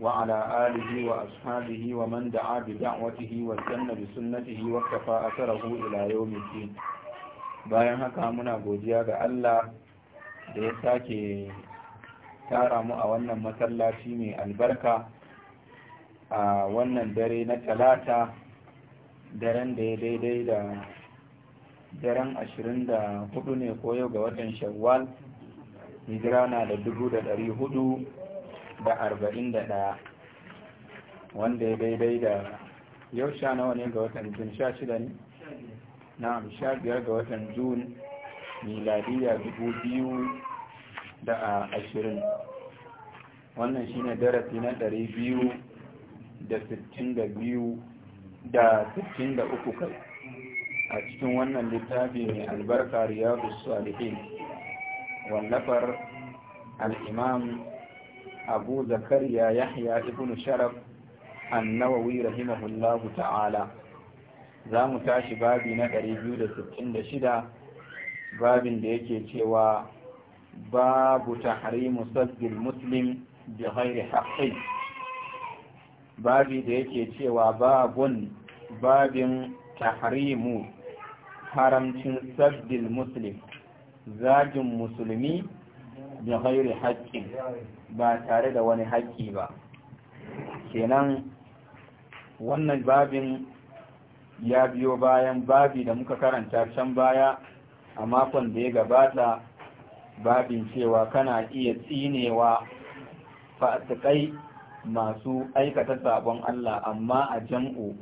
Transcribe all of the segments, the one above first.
وعلى آله وأصحابه ومن دعا بدعوته واستنى بسنته واكتفى أثره إلى يوم الدين bayan haka muna godiya ga Allah da ya sake tara mu a wannan masallaci mai albarka a wannan dare na talata daren da ya daidai da daren 24 ne koyo ga watan shawwal hijira na da da arba'in da ɗaya wanda ya daidai da yau sha nawa ne ga watan jun sha shida ne? Na sha biyar ga watan jun miladiya dubu biyu da a ashirin wannan shine darasi na ɗari biyu da sittin da biyu da sittin da uku kai a cikin wannan littafi mai albarka riyadu salihin wallafar al'imam abu zakariya yahya ibn sharaf an annawawi rahimahullahu ta'ala za mu tashi babi na 266 babin da yake cewa babu tahrimu sabbil muslim bi ghairi haqqi babi da yake cewa babun babin tahrimu haramcin sabbil muslim zagin musulmi da ghairi haƙƙin ba tare da wani haƙƙi ba kenan wannan babin ya biyo bayan babi da muka karanta can baya a makon da ya gabata babin cewa kana iya tsinewa fasikai masu aikata sabon Allah amma a jam'u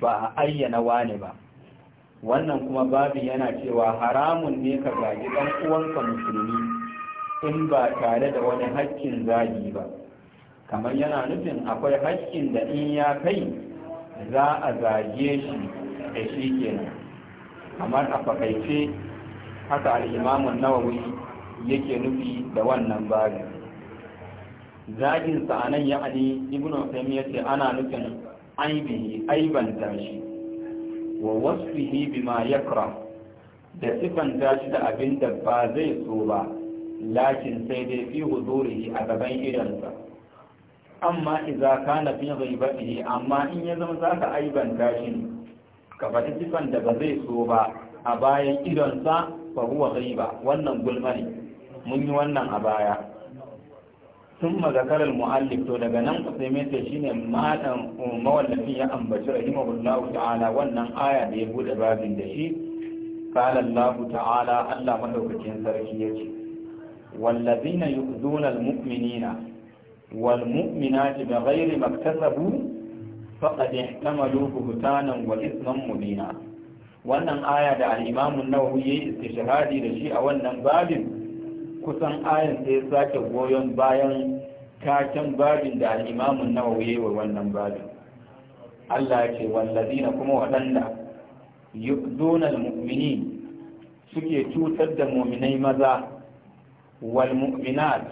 ba a ayyana wane ba wannan kuma babin yana cewa haramun ne ka gaji ɗan uwanka musulmi in ba tare da wani haƙƙin zagi ba kamar yana nufin akwai haƙƙin da in ya kai za a zage shi da shi kenan kamar a fakaice haka al'imamun nawawi yake nufi da wannan babin zagin sa nan ya'ani ibnu ya ce ana nufin aibihi aiban shi wa wasfihi bima yakra da sifan shi da abin da ba zai so ba lakin sai dai fi huzuri a gaban idansa amma idza kana fi ghaibatihi amma in ya zama zaka aibanta shi ka faɗi sifan da ba zai so ba a bayan idon fa huwa ghaiba wannan gulma ne mun yi wannan a baya Tun mazakarar mu'allif to daga nan kusurme mai shi ne maɗan mawallafin ya ambaci rahimahullahu ta'ala wannan aya da ya buɗe babin da shi قال الله تعالى الله مدوكتين ya يجي والذين يؤذون المؤمنين والمؤمنات بغير ما اكتسبوا فقد احتملوا بهتانا وإثما مبينا wannan aya da al'imamun nawawi ya yi istishahadi da shi a wannan babin kusan ayan sai sake goyon bayan taken babin da al'imamun nawawi ya wa wannan babin Allah ya ce wallazi na kuma waɗanda yi zonal mu'mini suke cutar da muminai maza wal mu'minat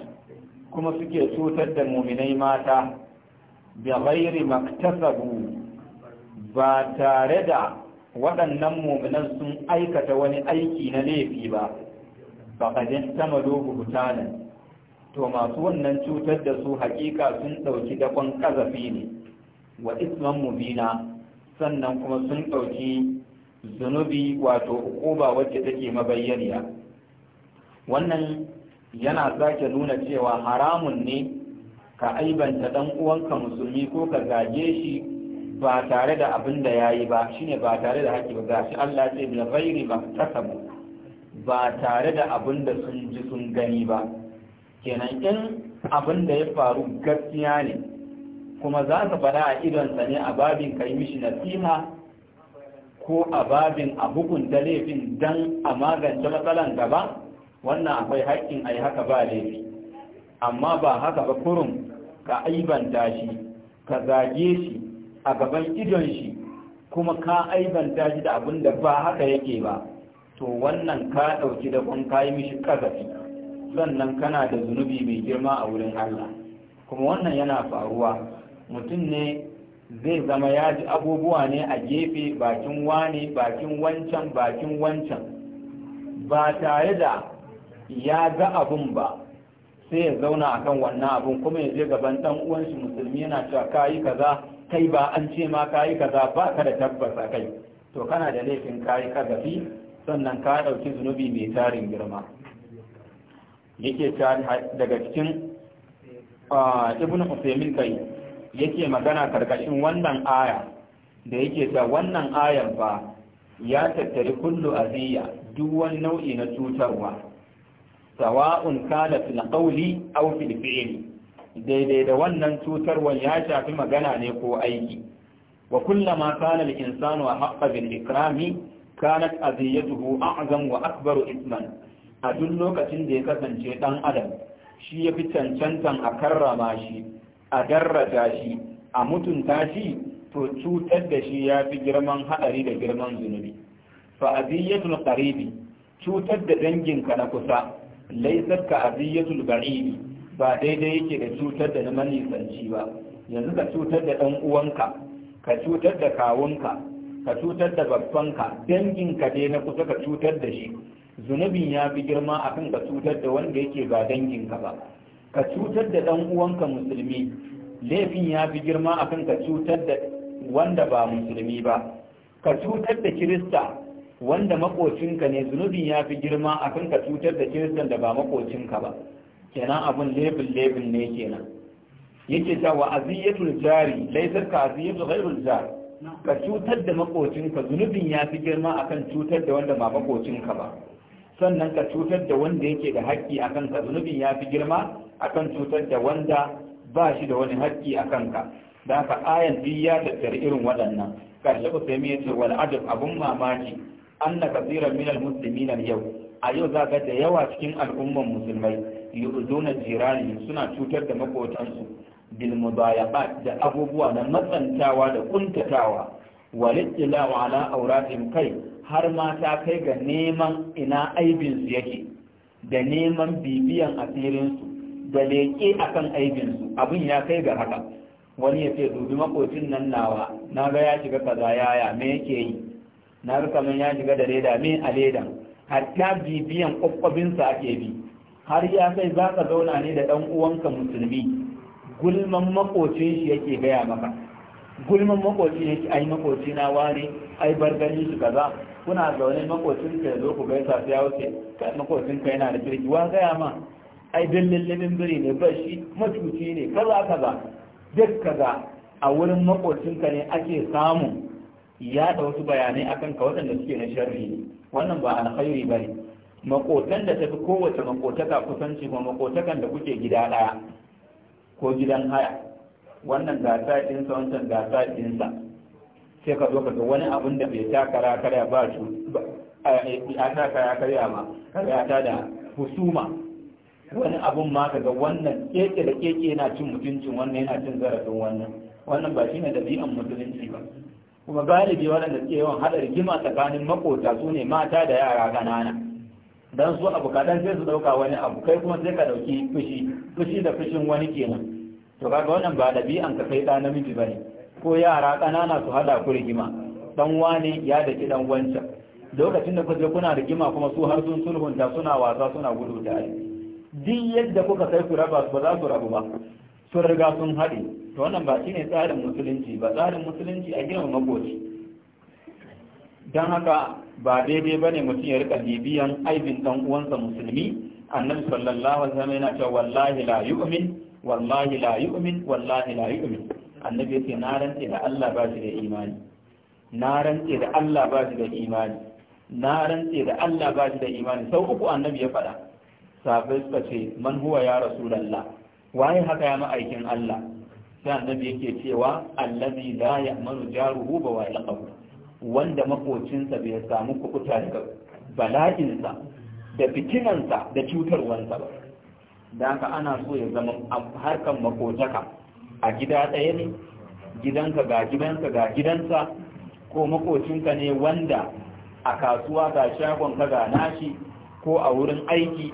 kuma suke cutar da muminai mata bi ghairi maktasabu ba tare da waɗannan muminan sun aikata wani aiki na laifi ba faƙadin sama dogo Mutanen, to masu wannan cutar da su hakika sun ɗauki dakon ƙazafi ne wa isman mubina sannan kuma sun ɗauki zunubi wato uquba wacce take mabayyaniya wannan yana sake nuna cewa haramun ne ka aibanta dan uwanka musulmi ko ka zage shi ba tare da abin da ya yi ba shine ba tare da haƙƙi ba gashi Allah ce bil ghairi maktasabu ba tare da abin da sun ji sun gani ba kenan in abin da ya faru gaskiya ne kuma za ka faɗa a idonsa ne a babin ka yi mishi nasiha ko a babin a hukunta laifin dan a magance matsalan gaba wannan akwai haƙƙin a yi haka ba laifi amma ba haka ba kurum ka aibanta shi ka zage shi a gaban idon shi kuma ka aibanta shi da abin da ba haka yake ba to wannan ka ɗauki da kun kayi mishi ƙazafi sannan kana da zunubi mai girma a wurin Allah kuma wannan yana faruwa mutum ne zai zama ya ji abubuwa ne a gefe bakin wane bakin wancan bakin wancan ba tare da ya ga abun ba sai ya zauna a kan wannan abun kuma ya je gaban ɗan uwanshi musulmi yana cewa kayi kaza kai ba an ce ma ka kayi kaza ba ka da a kai to kana da laifin ka yi kazafi sannan ka ɗauki zunubi mai tarin girma yake ta daga cikin ibn Usaimin kai yake magana karkashin wannan aya da yake ta wannan ayar ba ya tattari kullu aziya duk wani nau'i na cutarwa sawa'un kana fil qawli aw fil fi'li daidai da wannan cutarwan ya shafi magana ne ko aiki wa kullama kana al-insanu haqqan bil ikrami kanat aziyatuhu a'zam wa akbaru isman a duk lokacin da ya kasance dan adam shi ya fi cancantan a karrama shi a darrata shi a mutunta shi to cutar da shi ya fi girman haɗari da girman zunubi fa aziyatul qaribi cutar da danginka na kusa laisar ka aziyatul ba'id ba daidai yake da cutar da na manisanci ba yanzu ka cutar da ɗan uwanka ka cutar da kawunka ka cutar da babbanka ka dai na kusa ka cutar da shi zunubin ya fi girma akan ka cutar da wanda yake ba danginka ba ka cutar da ɗan uwanka musulmi laifin ya fi girma akan ka cutar da wanda ba musulmi ba ka cutar da kirista wanda makocinka ne zunubin ya fi girma akan ka cutar da kiristan da ba makocinka ba kenan abun lebin lebin ne kenan yake ta wa aziyatul jari laysar ka aziyatul ghairul jari ka cutar da makocinka zunubin ya fi girma akan cutar da wanda ba makocinka ba sannan ka cutar da wanda yake da haƙƙi a kanka zunubin ya fi girma akan cutar da wanda ba shi da wani haƙƙi a kanka da haka ayan duk ya tattara irin waɗannan ƙarshe ku sai ya ce wal adab abun mamaki anna kaseeran minal muslimin al yau a yau za ga da yawa cikin al'umman musulmai yu'zuna jirani suna cutar da makotansu bil mudayabat da abubuwa na matsantawa da kuntatawa wa ala awratin kai har ma ta kai ga neman ina aibinsu yake da neman bibiyan asirinsu da leƙe akan aibinsu abin ya kai ga haka wani ya ce dubi makocin nan nawa na ga ya shiga kaza yaya me yake yi na rufa min ya shiga da leda min a ledan hatta bibiyan kwakwabinsa ake bi har ya kai za ka zauna ne da ɗan uwanka musulmi gulman makocin shi yake gaya maka gulman makocin yake ai makoci na ware ai bargani shi kaza kuna zaune makocin ka zo ku gaisa sai ya wuce makocin ka yana da kirki wa gaya ma ai dillin libin biri ne ba shi matuci ne kaza kaza duk kaza a wurin ka ne ake samun ya da wasu bayanai akan ka waɗanda suke na sharri ne wannan ba alkhairi ba ne. makotan da tafi kowace makotaka kusanci ko makotakan da kuke gida ɗaya ko gidan haya wannan gasa ɗinsa wancan gasa ɗinsa sai ka zo ka ga wani abun da bai taka karya ba su a takara karya ma karya ta da husuma wani abun ma ka ga wannan keke da keke yana cin mutuncin wannan yana cin zarafin wannan wannan ba shine dabi'an musulunci ba kuma galibi waɗanda suke yawan haɗa rigima tsakanin makota su ne mata da yara ƙanana Don su abu kaɗan sai su ɗauka wani abu kai kuma sai ka ɗauki fushi fushi da fushin wani kenan to kaga wannan ba da biyan ka kai ɗa namiji ba ne. ko yara ƙanana su haɗa ku rigima Ɗan wane ya daki ɗan wancan lokacin da kuje kuna rigima kuma su har sun sulhunta suna wasa suna gudu tare duk yadda kuka kai ku raba ba za su rabu ba sun riga sun haɗe to wannan ba shi ne tsarin musulunci ba tsarin musulunci a girma makoci don haka ba daidai ba ne mutum ya rika bibiyan aibin ɗan uwansa musulmi annabi sallallahu alaihi wasallam yana cewa wallahi la yu'min wallahi la yu'min wallahi la yu'min annabi ce na rantse da Allah ba shi da imani na rantse da Allah ba shi da imani na rantse da Allah ba shi da imani sau uku annabi ya faɗa sabai suka ce man huwa ya rasulullah waye haka ya ma'aikin Allah sai annabi yake cewa allazi la ya'manu jaruhu ba wa yaqahu wanda makocinsa bai samu kukuta daga bala'insa da fitinansa da cutarwansa ba da haka ana so ya zama harkan makotaka a gida ɗaya ne gidanka ga gidanka ga gidansa ko makocinka ne wanda a kasuwa ga ka ga nashi ko a wurin aiki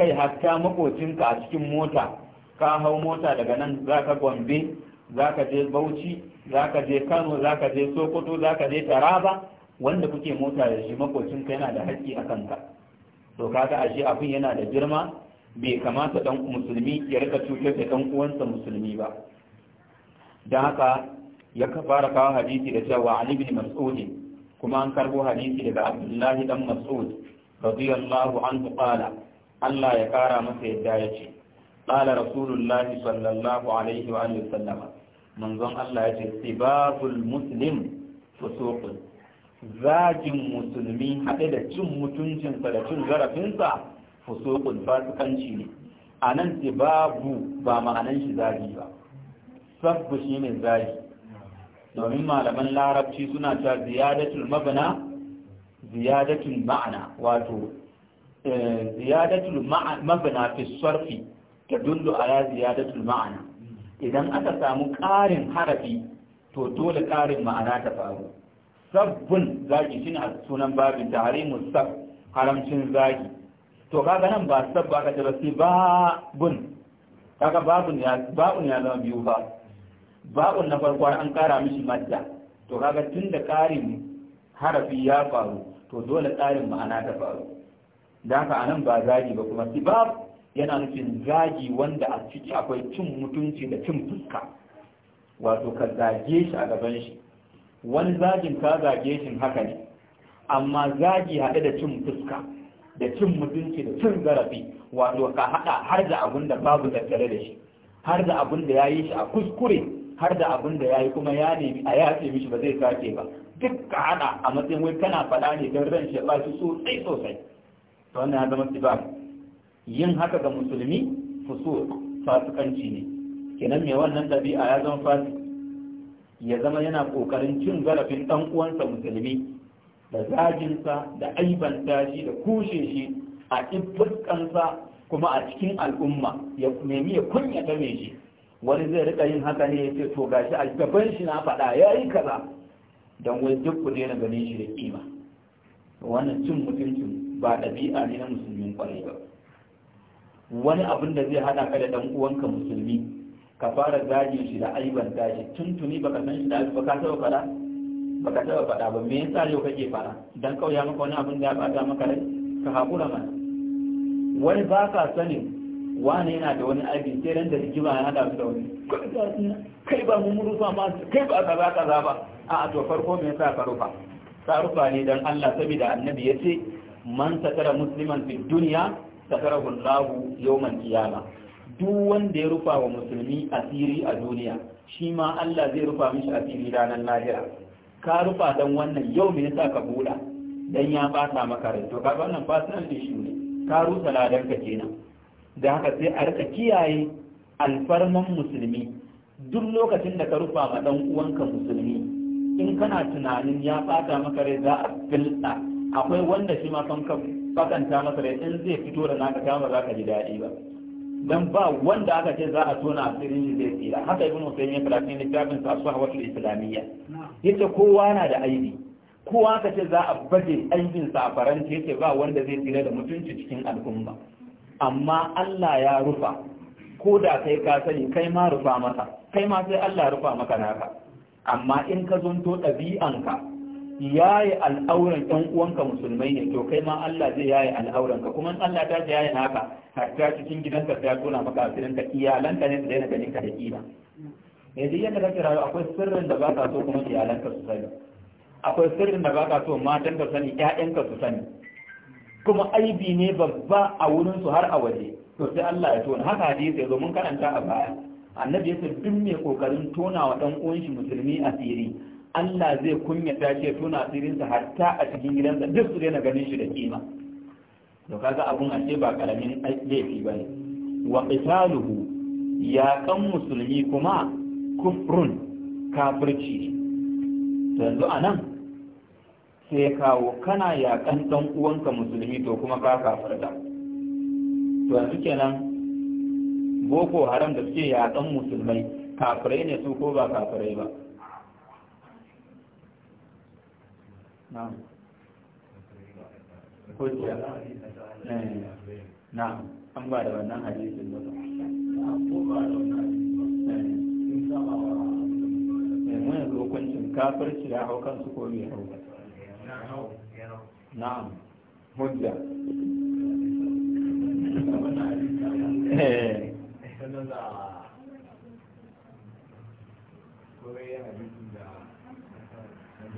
kai hatta makocinka a cikin mota ka hau mota daga nan za ka gombe za ka je bauchi za ka je kano za ka je sokoto za ka je taraba wanda kuke mota da shi makocinka yana da haƙƙi a kanka to kaga ashe abin yana da girma bai kamata dan musulmi ya rika cutar da dan uwansa musulmi ba dan haka ya fara kawo hadisi da cewa Ali bin Mas'ud kuma an karbo hadisi daga Abdullahi dan Mas'ud radiyallahu anhu qala Allah ya kara masa yadda ya ce qala rasulullahi sallallahu alaihi wa alihi sallama manzon Allah ya ce sibabul muslim fusuqun zagin musulmi haɗe da cin mutuncinsa da cin zarafinsa fusuqun fasikanci ne a nan ba ma'anan shi zagi ba sabbu shi ne zagi domin malaman larabci suna ta ziyadatul mabana ziyadatul mabana fi ta dundu dullu ya datu ma'ana idan aka samu ƙarin harafi to dole ƙarin ma'ana ta faru sabbin zagi shine a sunan babin tare musab haramcin zagi to kaga nan ba sab ba kace ba sai babun kaga babun ya babun ya zama biyu ba babun na farko an ƙara mishi madda to kaga tun da ƙarin harafi ya faru to dole ƙarin ma'ana ta faru da haka anan ba zagi ba kuma sibab yana nufin zagi wanda a ciki akwai cin mutunci da cin fuska wato ka zage shi a gaban shi wani zagin ka zage shi haka ne amma zagi haɗe da cin fuska da cin mutunci da cin zarafi wato ka haɗa har da abin da babu tattare da shi har da abin da ya yi shi a kuskure har da abin da ya yi kuma ya nemi a yafe mishi ba zai sake ba duk ka haɗa a matsayin wai kana faɗa ne don ran shi ba shi sosai sosai to wannan ya zama sibab yin haka ga musulmi fusu fasikanci ne kenan mai wannan ɗabi'a ya zama fasik ya zama yana kokarin cin zarafin dan uwansa musulmi da zajinsa da aibanta shi da kushe shi a fuskansa kuma a cikin al'umma ya nemi ya kunya me shi wani zai rika yin haka ne ya ce to gashi a gaban shi na faɗa ya yi kaza don wai duk ku daina ganin shi da kima wannan cin mutuncin ba ɗabi'a ne na musulmin kwarai ba wani abin da zai hana ka da dan uwanka musulmi ka fara zagin shi da aiban dashi tuntuni baka san shi da ka taba fada ka taba fada ba me yasa yau kake fara dan kauya maka wani abin da ya bata maka rai ka hakura mana wani ba ka sanin wani yana da wani aibi sai ran da rigima ya hada su da wani kai ba mu rufa ma kai ba kaza kaza ba a to farko me yasa ka rufa ka rufa ne dan Allah saboda annabi yace man satara musliman fi dunya satarahu Allahu yawmal qiyama duk wanda ya rufa wa musulmi asiri a duniya shi ma Allah zai rufa mishi asiri ranar lahira ka rufa dan wannan yau me yasa ka bula dan ya bata maka rai to kaga wannan personal issue ne ka rusa ladan ka kenan da haka sai a rika kiyaye alfarman musulmi duk lokacin da ka rufa ma dan uwanka musulmi in kana tunanin ya bata maka rai za a filta akwai wanda shi ma kan bakanta masa da in zai fito da naka kama za ka ji daɗi ba dan ba wanda aka ce za a tona asirin shi zai tsira haka ibn Hussein ya fara cikin littafin sa Sahwatul Islamiyya yace kowa na da aibi kowa aka ce za a baje aibin sa a yace ba wanda zai tsira da mutunci cikin al'umma amma Allah ya rufa ko da kai ka sani kai ma rufa masa kai ma sai Allah rufa maka naka amma in ka zonto ɗabi'anka yi al'auran ɗan uwanka musulmai ne to kai ma Allah zai yayi al'auran ka kuma Allah ta yaye har hatta cikin gidanka ta tona maka asirin ka iyalanka ne su daina ganin ka da kima ne duk yadda kake rayu akwai sirrin da baka so kuma iyalanka su sani akwai sirrin da baka so matan ka sani ƴaƴanka su sani kuma aibi ne babba a wurin su har a waje to sai Allah ya tona haka hadisi ya zo mun karanta a baya annabi ya ce duk mai kokarin tona wa ɗan uwan shi musulmi asiri Allah zai kunyata ce tuna asirinsa hatta a cikin gidansa duk su daina ganin shi da kima to kaga abun ce ba karamin laifi ba ne wa qitaluhu ya kan musulmi kuma kufrun kafirci yanzu anan sai kawo kana kan dan uwanka musulmi to kuma ka kafirta to yanzu kenan boko haram da suke kan musulmai kafirai ne su ko ba kafirai ba hujja na an ba wannan hadisin ba mun yanzu hukuncin kafirci ko bai hau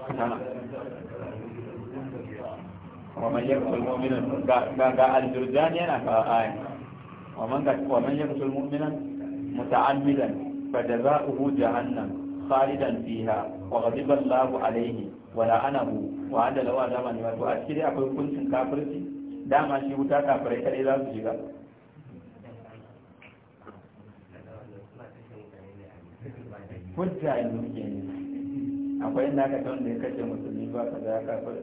ومن يقتل مؤمنا قال الجرجاني أنا فآية ومن ومن يقتل مؤمنا متعمدا فجزاؤه جهنم خالدا فيها وغضب الله عليه ولعنه وعد له عذابا يوم القيامة akwai hukuncin kafirci dama shi wuta kafirai kadai za su shiga hujja yanzu ke ne akwai na ka san da ya kashe musulmi ba ka za ka fara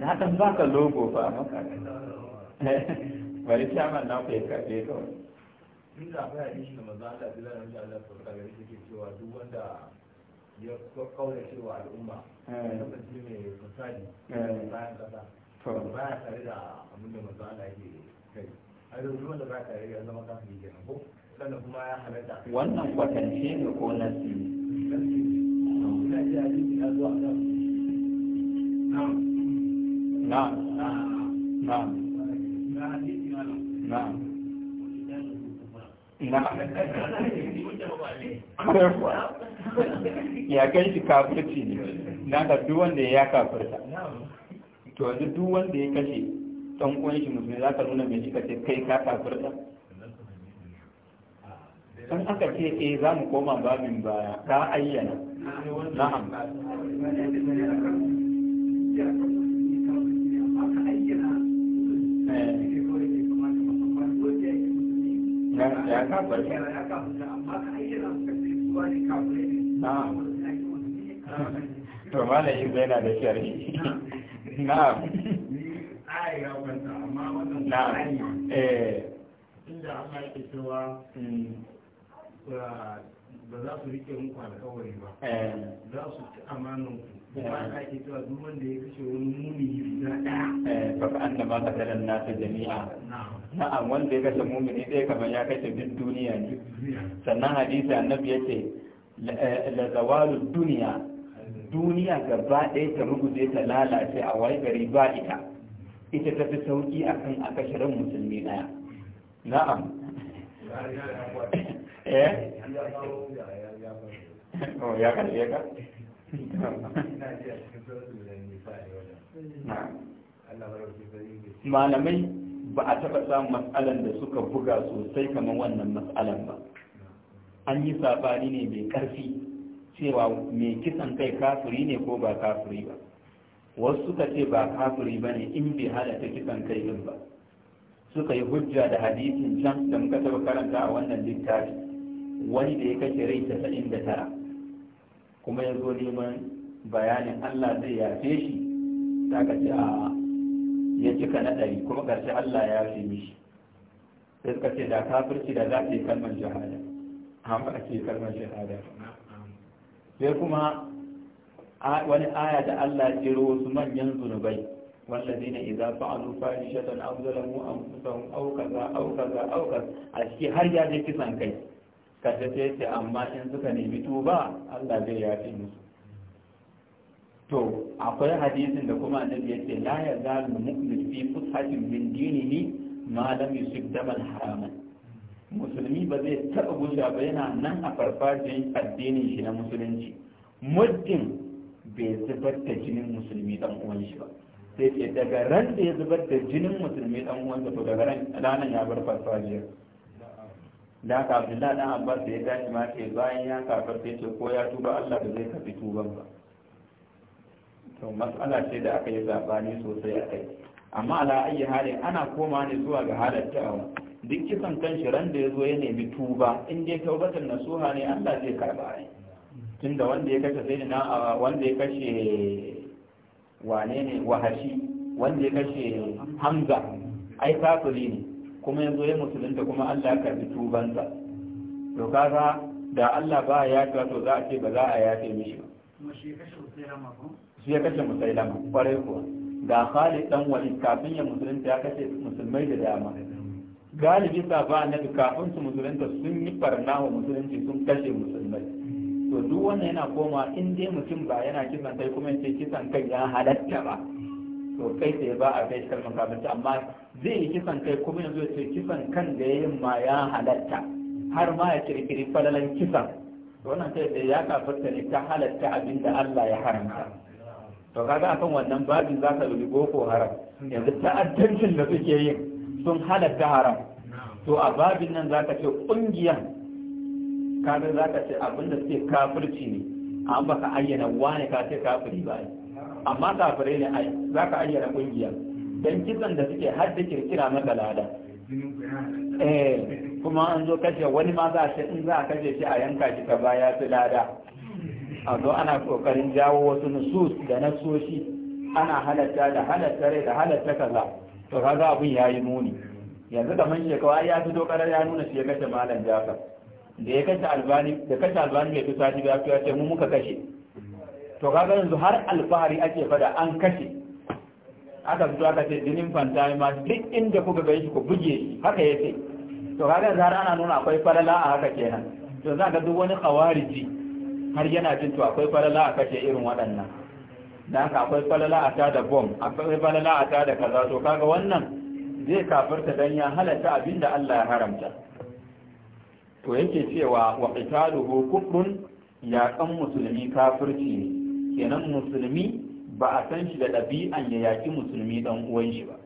da hakan ba ka logo ba a maka bari shama na ku ya karbe ka wani inda akwai a ishi da manzo Allah bila da insha Allah sauka gari take cewa duk wanda ya kawai cewa al'umma ya eh. kasance mai fasadi eh. bayan kasa ba ya tare da abin da manzo Allah yake kai wannan kwatance ne ko nasi na na na ya kai shi kafirci ne na ka duk wanda ya kafirta to yanzu duk ya kashe dan uwan shi musulmi za ka nuna mai shi ka ce kai ka kafirta in aka ce eh za mu koma babin baya ka ayyana na'am eh. ya kafar to Na. yana da shari'a na'am aya ya kwanta amma wannan na eh inda Allah yake cewa hmm, ba za su rike muku alkawari ba eh. za su ci amanan ku eh. ba ta ake cewa duk wanda ya kashe wani mumi guda ɗaya ba eh, ka anna ma kasalan nasa jami'a na'am wanda ya kashe mumini ɗaya kamar ya kashe duk duniya ne sannan hadisi annabi ya ce la zawalu duniya duniya gaba ɗaya ta ruguje ta lalace a wai gari ba ita ita ta fi sauƙi a kan aka shirin musulmi ɗaya na'am eh? oh, ya ya malamai ba a taɓa samun matsalan da suka buga sosai kamar wannan matsalan ba an yi safari ne mai ƙarfi cewa mai kisan kai kafiri ne ko ba kafiri ba wasu suka ce ba kafiri ba ne in bai ta kisan kai din ba suka yi hujja da hadisin can da muka taɓa karanta a wannan littafi wani da ya kashe rai tasa'in da tara kuma ya zo neman bayanin allah zai yafe shi ta ce a ya cika na ɗari kuma ƙarshe allah ya yafe mishi sai suka ce da kafirci da za ta yi kalmar shahada amma a ce kalmar shahada sai kuma wani aya da Allah ya jiro wasu manyan zunubai aw zalamu anfusahum aw kaza aw kaza aw kaza a كذا har ya أشكي kisan kai kaje sai كي amma in suka nemi tuba Allah zai yafi musu. to akwai hadisin da kuma annabi yace la yazalu mu'min fi fushatin min dinihi ma lam yusib daman haraman musulmi ba zai taba gusha ba yana nan a farfajin addinin shi na musulunci muddin bai zubar da jinin musulmi dan uwan shi ba sai ce daga ran da ya zubar da jinin musulmi dan uwan to daga ran ranar ya bar farfajiya da haka abdullah dan abbas da ya tashi ma ce bayan ya kafar sai ce ko ya tuba allah da zai kafi tuban ba to mas'ala ce da aka yi zabani sosai a amma ala ayi hali ana koma ne zuwa ga halattawa duk kisan kan shi ran da ya zo ya nemi tuba in dai tawbatan nasuha ne allah zai karba ai tunda wanda ya kashe sai na wanda ya kashe wane ne wahashi wanda ya kashe hamza ai kafiri ne kuma yanzu ya musulunta kuma Allah ya karbi tubansa to kaga da Allah ba ya yafe to za a ce ba za a yafe mishi ba shi ya kashe musailama kwarai kuwa da Khalid dan wani kafin ya musulunta ya kashe musulmai da dama galibi sa ba annabi kafin su musulunta sun yi farna wa musulunci sun kashe musulmai to duk wannan yana koma in dai mutum ba yana kisan kai kuma ce kisan kai ya halatta ba to kai sai ba a kai kalmar kafirci amma zai yi kisan kai kuma yanzu ya ce kisan kan da ya yi ma ya halatta har ma ya kirkiri falalan kisan wannan sai da ya kafirta ne ta halatta abin Allah ya haramta to kaga akan wannan babin za ka rubi boko haram yanzu ta'addancin da suke yin sun halatta haram to a babin nan za ka ce ƙungiyar kaga za ka ce abin da suke kafirci ne an baka ayyana ne ka ce kafiri ba amma kafirai ne za ka ayyana kungiya don kisan da suke har kirkira maka lada eh kuma an zo kashe wani ma za a in za a kashe shi a yanka shi ka baya su lada a zo ana kokarin jawo wasu nusus da nasoshi ana halatta da halatta rai da halatta kaza to kaga abun yi muni yanzu kamar shekawa ya fito karar ya nuna shi ya kashe malam jafar da ya kashe albani da kashe albani mai fi shi da ya ce mu muka kashe to kaga yanzu har alfahari ake fada an kashe aka fito aka ce jinin fantami ma duk inda kuka gan shi ku buge shi haka ya ce to kaga yanzu har ana nuna akwai farala a haka kenan to za ka duk wani kawariji har yana jin to akwai farala a kashe irin waɗannan da haka akwai falala a da bom akwai falala a da kaza to kaga wannan zai kafarta dan ya halatta abinda Allah ya haramta to yake cewa wa qitaluhu kufrun yaƙan musulmi kafirci ne kenan musulmi ba a san shi da ɗabi'an ya yaƙi musulmi ɗan uwan shi ba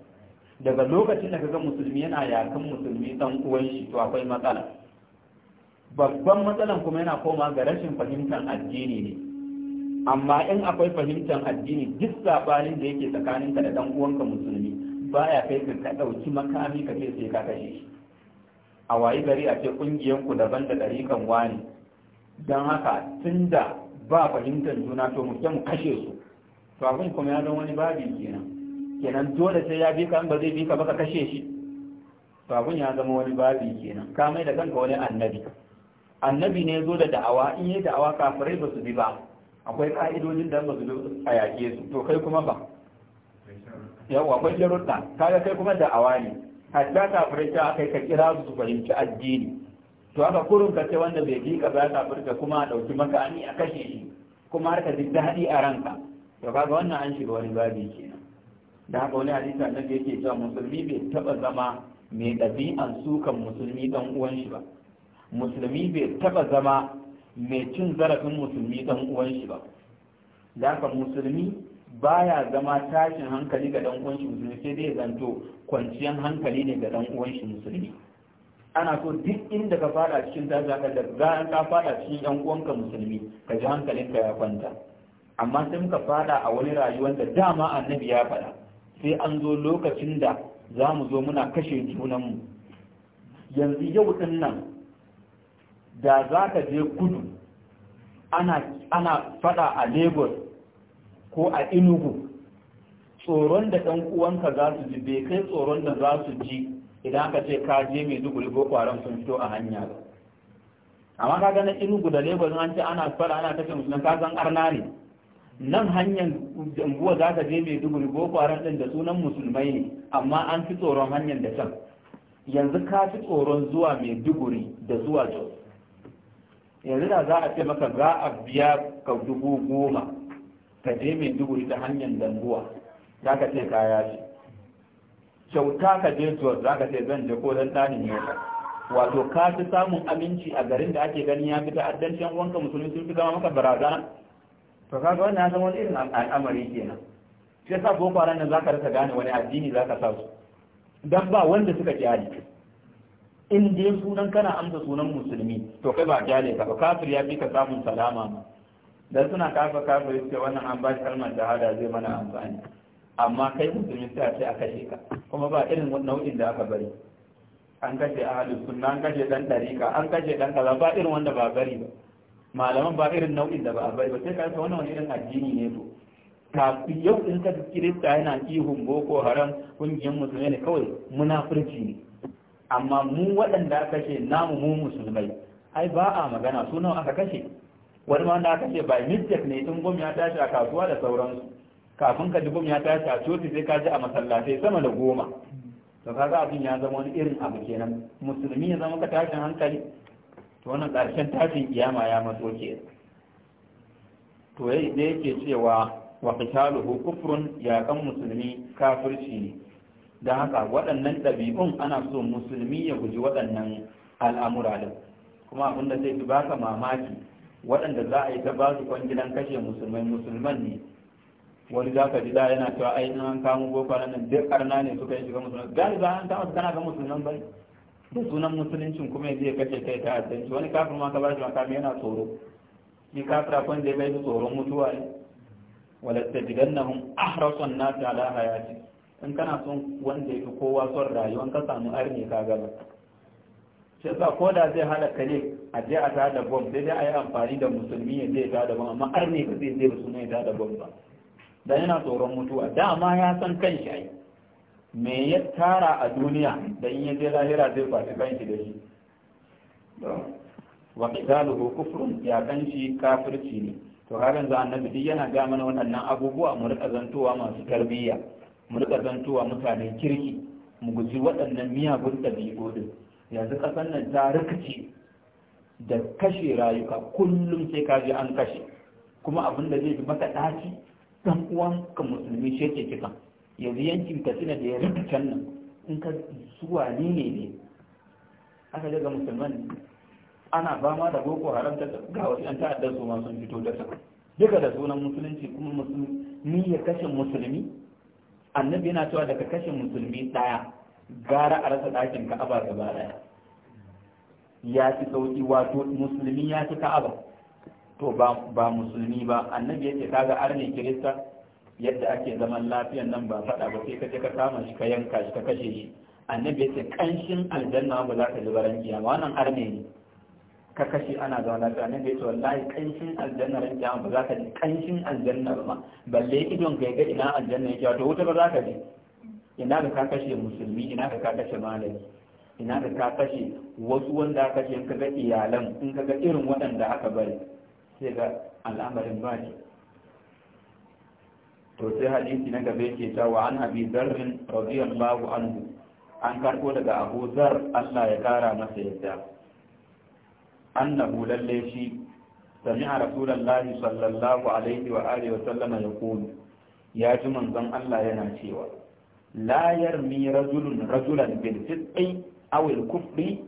daga lokacin da kaga musulmi yana yakan musulmi ɗan uwan shi to akwai matsala babban matsalan kuma yana koma ga rashin fahimtar addini ne amma in akwai fahimtar addini duk sabanin da yake tsakaninka da ɗan uwanka musulmi baya kai ka ɗauki makami ka ce sai ka kashe shi a wayi gari a ce ƙungiyanku daban da ɗarikan wani don haka tun da ba fahimtar juna to mu mu kashe su to abin kuma ya zama wani babi kenan kenan dole sai ya bi ka ba zai bi ka ba ka kashe shi to abin ya zama wani babi kenan ka mai da kanka wani annabi annabi ne zo da da'awa in yi da'awa kafirai ba su bi ba akwai ka'idojin da ba su bi a yaƙe su to kai kuma ba Yau akwai jarurta kaga kai kuma da'awa ne hatta kafirai ta aka ka kira su fahimci addini to aka kurun ka sai wanda bai bi ka za ka kuma a ɗauki maka ani a kashe shi kuma har ka ji daɗi a ranka to kaga wannan an shiga wani babi kenan da haka wani hadisi annabi yake cewa musulmi bai taba zama mai ɗabi'an sukan musulmi dan uwan shi ba musulmi bai taba zama mai cin zarafin musulmi dan uwan shi ba da haka musulmi baya zama tashin hankali ga dan uwan shi musulmi sai dai zanto kwanciyar hankali ne ga dan uwan shi musulmi ana so duk inda ka fada cikin zaka da zan ka fada cikin yan uwanka musulmi ka ji hankalinka ya kwanta amma sai muka fada a wani rayuwar da dama annabi ya fada sai an zo lokacin da za mu zo muna kashe junanmu yanzu yau din nan da za ka je kudu ana ana fada a lagos ko a inugu tsoron da ɗan uwanka za su ji bai kai tsoron da za su ji idan aka ce ka je mai duguri ko kwaran sun fito a hanya ba amma ka ga na inugu da lagos an ce ana fara ana kashe musulun ka san arna ne nan hanyar jambuwa za ka je mai duguri ko kwaran ɗin da sunan musulmai ne amma an fi tsoron hanyar da can yanzu ka fi tsoron zuwa mai duguri da zuwa jos yanzu da za a ce maka za a biya ka dubu goma ka je mai duguri ta hanyar danguwa za ka ce kaya ce kyauta ka je zuwa za ka ce zan je ko zan tani ne wato ka fi samun aminci a garin da ake ganin ya fi ta'addanci yan wanka musulmi sun fi zama maka barazana to kaga wannan ya zama wani irin al'amari kenan shi sa boko haram nan zaka rasa gane wani addini zaka sa su dan ba wanda suka kyale in dai sunan kana amsa sunan musulmi to kai ba kyale ka ba kafir ya fi ka samun salama ma da suna kafa kafa yake wannan an ba shi kalmar shahada zai mana amfani amma kai musulmi sai a ce aka shi ka kuma ba irin nau'in da aka bari an kashe ahli sunna an kashe dan dariqa an kashe dan kaza ba irin wanda ba bari ba malaman ba irin nau'in da ba a bari ba sai ka ga wannan wani irin addini ne to kafin yau in ka kirista yana ihun boko haram kungiyar musulmai ne kawai munafurci ne amma mu waɗanda aka kashe namu mu musulmai ai ba a magana su nawa aka kashe wani ma wanda aka ce by mistake ne tun gom ya tashi a kasuwa da sauransu kafin ka ji gom ya tashi a coci sai ka ji a masallatai sama da goma to kaga abin ya zama wani irin abu kenan musulmi ya zama ka tashin hankali to wannan ƙarshen tashin kiyama ya matso ke to yayi da yake cewa wa qitaluhu kufrun ya kan musulmi kafirci ne don haka waɗannan ɗabi'un ana so musulmi ya guji waɗannan al'amura din kuma abin da zai baka mamaki waɗanda za a yi ta ba su kwangilan kashe musulmai musulman ne wani za ka ji da yana cewa ai in an kamo boko nan duk karna ne suka yi shiga musulmai gani za an kama kana ga musulman bai da sunan musuluncin kuma zai kashe kai ta addanci wani kafin ma ka ba shi makami yana tsoro shi kafira kun zai bai su tsoron mutuwa ne wala tajidannahum ahrasan nas ala hayati in kana son wanda ya fi kowa son rayuwa ka samu arne ka gaba shi sa ko da zai hana kare a je a tada bom sai dai a yi amfani da musulmi ya je tada bom amma arne ba zai zai musulmi ya tada bom ba dan yana tsoron mutuwa dama ya san kan shi ai me ya tara a duniya da in ya je lahira zai faɗi kan shi da shi wa qitaluhu kufrun ya kan shi kafirci ne to har yanzu annabi duk yana ga mana waɗannan abubuwa mu rika zantowa masu tarbiyya mu rika zantowa mutanen kirki mu guji waɗannan miyagun ɗabi'u din yanzu kasar nan ta rikici da kashe rayuka kullum sai ka je an kashe kuma abin da zai fi maka ɗaci ɗan uwan ka musulmi shi yake kika yanzu yankin katsina da ya rikicen nan in ka zuwa ne ne ne aka daga musulman ana ba ma da boko haram ta ga wasu yan ta'addar su ma sun fito da duka da sunan musulunci kuma musulmi ya kashe musulmi annabi yana cewa daga kashe musulmi ɗaya gara a rasa ɗakin ka'aba gaba ɗaya ya fi sauki wato musulmi ya fi ka'aba to ba musulmi ba annabi yake kaga arne kirista yadda ake zaman lafiyan nan ba faɗa ba sai ka je ka kama shi ka yanka shi ka kashe shi annabi yake kanshin aljanna ba za ka ji baran kiyama wannan arne ne ka kashe ana zama lafiya annabi yake wallahi kanshin aljanna ran kiyama ba za ka ji kanshin aljanna ba balle idon ka ga ina aljanna yake wato wuta ba za ka ji ina da ka kashe musulmi ina da ka kashe malami ina da ka kashe wasu wanda aka kashe ka ga iyalan in ka ga irin waɗanda aka bari sai ga al'amarin ba ne to sai hadisi na gaba yake cewa an abi zarrin radiyallahu anhu an karko daga abu zar Allah ya kara masa yadda annahu lalle shi sami'a rasulullahi sallallahu alaihi wa alihi wa sallama yaqulu ya ji manzon Allah yana cewa la yarmi rajulun rajulan bil fitri aw al kufri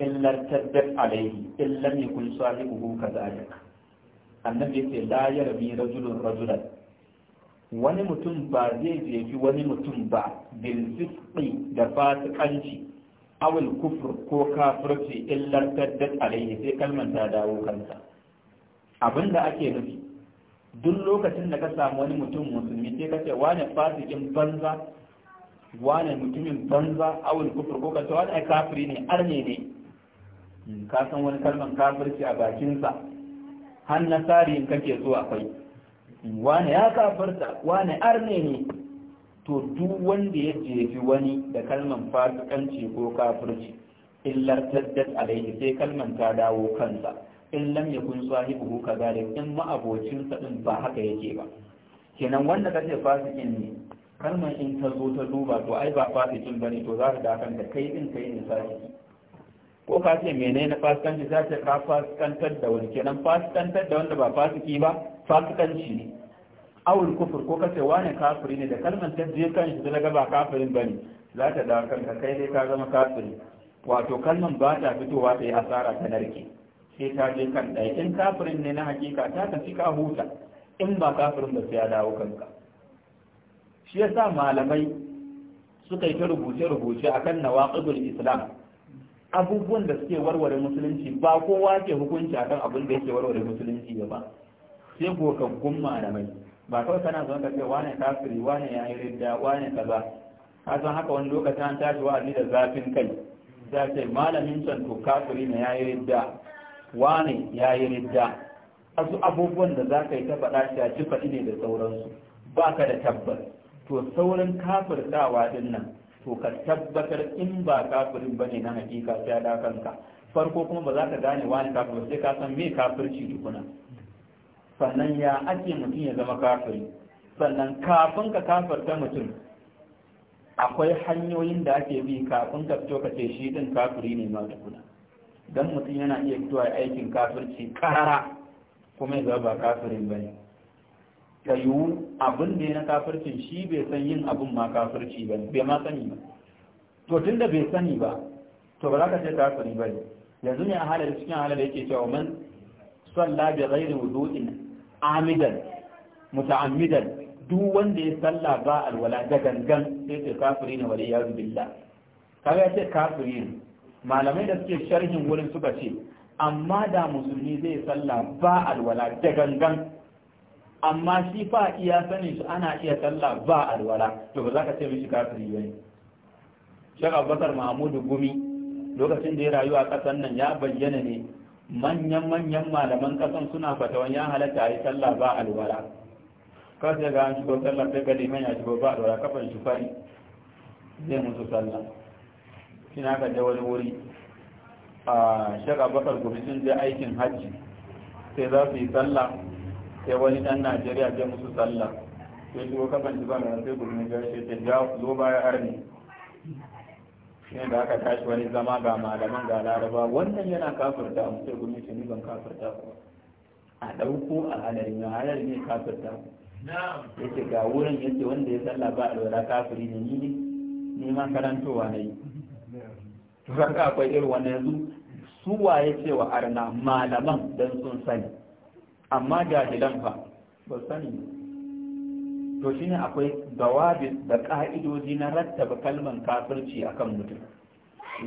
illa taddat alayhi illa yakun sahibuhu kadhalik annabi yace la yarmi rajulun rajulan wani mutum ba zai jefi wani mutum ba bil fitri da fasikanci awal kufur ko kafirci illar taddat alaihi sai kalmar ta dawo kansa abin da ake nufi duk lokacin da ka samu wani mutum musulmi sai ka ce wane fasikin banza wane mutumin banza awul kufur ko kace wani kafiri ne arne ne ka san wani kalman kafirci a bakinsa har nasari in kake so akwai wane ya kafarta wane arne ne to duk wanda ya jefi wani da kalman fasikanci ko kafirci illar taddat alaihi sai kalman ta dawo kansa in lam yakun sahibuhu kadhalik in ma abocinsa din ba haka yake ba kenan wanda kace fasikin ne kalmar in ta zo ta duba to ai ba fasikin bane to za ka dakan da kai din kai ne sai ko ka ce menene fasikanci za ta ka fasikantar da wani kenan fasikantar da wanda ba fasiki ba fasikanci ne awul kufur ko ka ce wani kafiri ne da kalmar ta je kan shi daga ba kafirin bane za ta dakan ka kai dai ka zama kafiri wato kalmar ba ta fitowa ta yi asara ta narke sai ta je kan ɗaya in kafirin ne na hakika ta tafi ka huta in ba kafirin ba sai ya dawo kanka shi yasa malamai suka yi ta rubuce-rubuce a akan nawaqidul islam abubuwan da suke warware musulunci ba kowa ke hukunci akan abin da yake warware musulunci ba ba sai gokaggun malamai ba kawai kana zuwa ka ce wane kafiri wane yi ridda wane kaza ka san haka wani lokaci an tashi wa'azi da zafin kai za ce malamin can to kafiri ne yi ridda wane yi ridda asu abubuwan da za ka yi ta faɗa shi a ci faɗi ne da sauransu ba ka da tabbas to saurin kafirtawa din nan to ka tabbatar in ba kafirin bane na hakika sai da kanka farko kuma ba za ka gane wani kafir sai ka san me kafirci tukuna sannan ya ake mutum ya zama kafiri sannan kafin ka kafirta mutum akwai hanyoyin da ake bi kafin ka fito ka ce shi din kafiri ne ma tukuna dan mutum yana iya fitowa aikin kafirci karara kuma ya zama ba kafirin bane ta yiwu abin da ya na kafircin shi bai san yin abin ma kafirci ba bai ma sani ba to tun da bai sani ba to ba za ka ce kafiri ba ne yanzu ne a halar cikin halar yake cewa man salla bi ghairi wudu'in amidan muta'ammidan duk wanda ya salla ba alwala da gangan sai ce kafiri ne wal iyadu billah kaga ya ce kafiri ne malamai da suke sharhin wurin suka ce amma da musulmi zai salla ba alwala da gangan amma shi fa iya sanin shi ana iya sallah ba alwala to ba za ka ce mishi kafiri bane bakar Mahmudu Gumi lokacin da ya rayu a kasan nan ya bayyana ne manyan manyan malaman kasan suna fatawan ya halatta a yi sallah ba alwala kawai sai ga an shigo sallah sai ga liman ya shigo ba alwala kafan shi fari zai musu sallah shi na ka je wani wuri a Sheikh bakar Gumi sun je aikin hajji sai za su yi sallah sai wani dan najeriya ke musu sallah sai shigo kafan jiban da sai gurmi ga shi ta ja zo baya arni shi da aka tashi wani zama ga malaman ga laraba wannan yana kafirta mu sai gurmi ce ni ban kafirta ku a ɗauko a halari na halari ne kafirta ya ce ga wurin yace wanda ya sallah ba alwala kafiri ne ni ne ma karantowa na yi to akwai irin wannan yanzu su waye cewa arna malaman dan sun sani amma jahilan fa ba sani to shi ne akwai dawabin da ƙa'idoji na rattaba kalman kafirci a kan mutum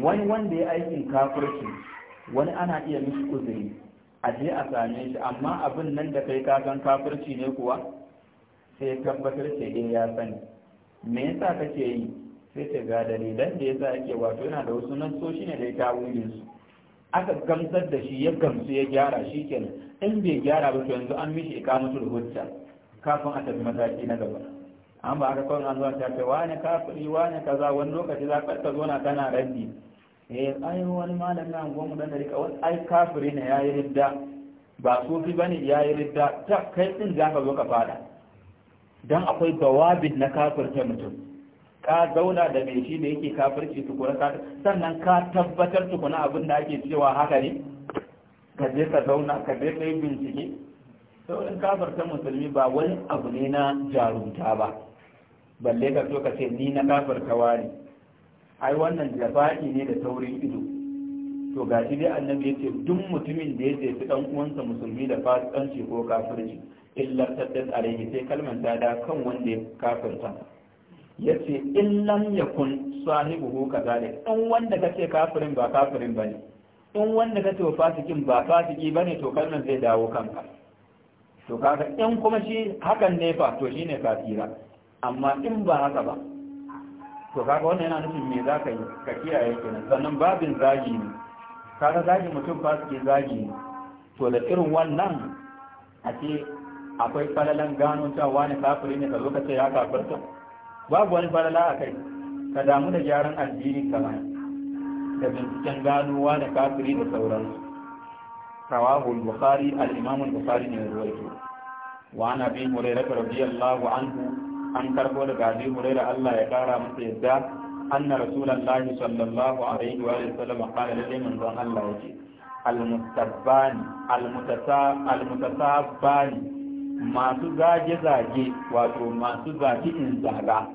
wani wanda ya aikin kafirci wani ana iya mishi uzuri a je a same shi amma abin nan da kai kasan kafirci ne kuwa sai tabbatar ce dai eh ya sani me yasa kake yi sai ta ga dalilan da yasa yake wato yana da wasu nan shi ne da ya kawo su aka gamsar da shi ya gamsu ya gyara shi kenan in bai gyara ba to yanzu an mishi da hujja kafin a tafi mataki na gaba an ba aka kawai an zuwa ta ce wani kafiri wani kaza wani lokaci za ka ta zona tana raddi eh ai wani malam na goma dan rika wani ai kafiri ne yayi ridda ba sufi bane yayi ridda ta kai din za ka zo ka fada dan akwai bawabin na kafirta mutum ka zauna da mai shi da yake kafirci tukuna sannan ka tabbatar tukuna abin da ake cewa haka ne ka je ka zauna ka je ka yi bincike saurin kafarta musulmi ba wani abu ne na jarumta ba balle ka so ka ce ni na kafar kafarta wani ai wannan jafa'i ne da taurin ido to ga shi dai annabi ya ce duk mutumin da ya jefi dan uwansa musulmi da fasikanci ko kafirci illar tattas alaihi sai kalmar ta da kan wanda ya kafirta ya ce in sahibu ko kazalik dan wanda kace kafirin ba kafirin bane in wanda ka to fasikin ba fasiki ne to kalmar zai dawo kanka to kaga in kuma shi hakan ne fa to shi ne fasira amma in ba haka ba to kaga wannan yana nufin me za ka yi ka kiyaye kenan sannan babin zagi ne kaga zagi mutum fasiki zagi ne to da irin wannan a ce akwai falalan gano cewa wani kafiri ne ka zo ka ce ya kafirta babu wani falala a kai ka damu da gyaran ka kamar da binciken ganowa da kafiri da sauransu rawahu al-bukhari al-imam al-bukhari ne ruwaito wa ana bi hurairah radiyallahu anhu an karbo daga abi hurairah Allah ya kara masa yadda anna rasulullahi sallallahu alaihi wa sallam qala lil manzon Allah yace al-mustabbani al-mutasabbani masu zage-zage wato masu zaki in zaga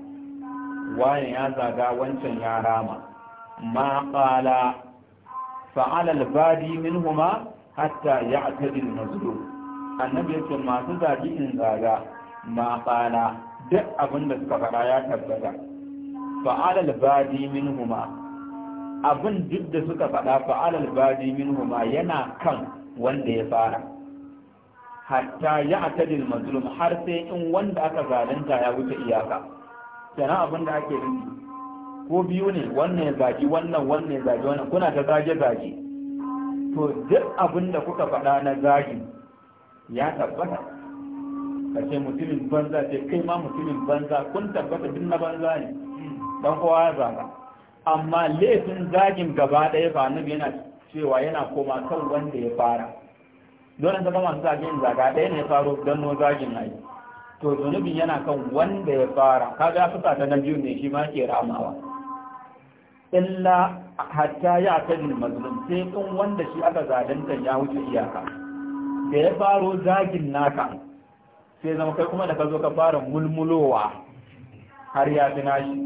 wani ya zaga wancan ya rama ma qala fa'ala al-badi minhuma hatta ya'tadi al-mazlum annabi yace masu zagi in zaga ma qala duk abin da suka faɗa ya tabbata fa'ala al-badi minhuma abin duk da suka faɗa fa'ala al-badi minhuma yana kan wanda ya fara hatta ya'tadi al-mazlum har sai in wanda aka zalunta ya wuce iyaka sana abin da ake nufi ko biyu ne wannan zaki zagi wannan wannan zaki zagi wannan kuna ta zage zage to duk abin da kuka faɗa na zagi ya tabbata ka ce mutumin banza ce kai ma mutumin banza kun tabbata duk na banza ne dan kowa ya zaga amma laifin zagin gaba ɗaya ba nan yana cewa yana koma kan wanda ya fara dole ka gama zagin zaga ɗaya ne ya faro dan no zagin na to zunubin yana kan wanda ya fara kaga ya fusa ta na biyu ne shi ma ke ramawa illa hatta ya tabi mazlum sai kun wanda shi aka zalunta ya wuce iyaka da ya faro zagin naka sai zama kai kuma da ka zo ka fara mulmulowa har ya fi nashi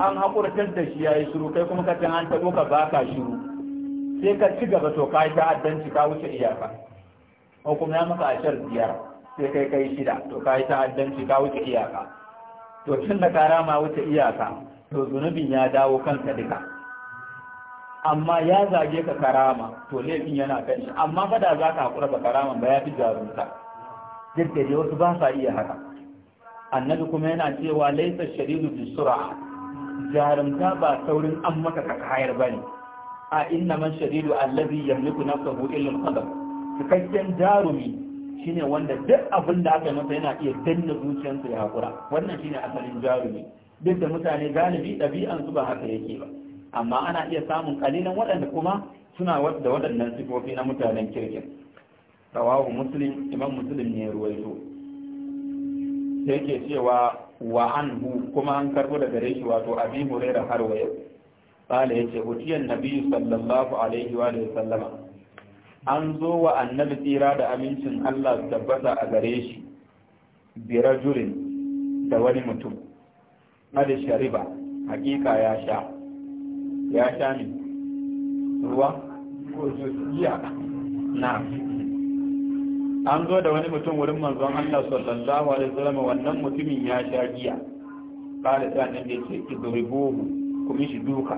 an haƙurtar da shi ya yi shiru kai kuma ka an taɓo ka baka shiru sai ka ci gaba to ka yi ta'addanci ka wuce iyaka ko kuma ya maka ashar biyar sai kai kai shida to ka yi ta'addanci ka wuce iyaka to tun da ka ma wuce iyaka to zunubin ya dawo kanka duka amma ya zage ka karama to laifin yana kan shi amma fa za ka haƙura ba karama ba ya fi jarumta duk da dai wasu ba sa iya haka annabi kuma yana cewa laisa shari'u bi sur'a jarumta ba saurin an maka ka kayar ne. a inna man sharidu allazi yamliku nafsahu illa al-qadar cikakken jarumi shine wanda duk abin da aka masa yana iya danna zuciyarsa ya haƙura wannan shine asalin jarumi duk da mutane galibi ɗabi'an su ba haka yake ba amma ana iya samun kalilan waɗanda kuma suna da waɗannan sifofi na mutanen kirkin rawahu muslim imam muslim ne ruwaito sai ke cewa wa anhu kuma an karbo daga gare shi wato abi huraira har wa yau qala yace utiyan sallallahu alaihi wa sallama an zo wa annabi tsira da amincin Allah tabbata a gare shi Birajurin, da wani mutum kada shariba hakika ya sha ya sha ne ruwa ko jiya na an zo da wani mutum wurin manzon Allah sallallahu alaihi wasallam wannan mutumin ya sha giya kada da nan da yake idribuhu ku shi duka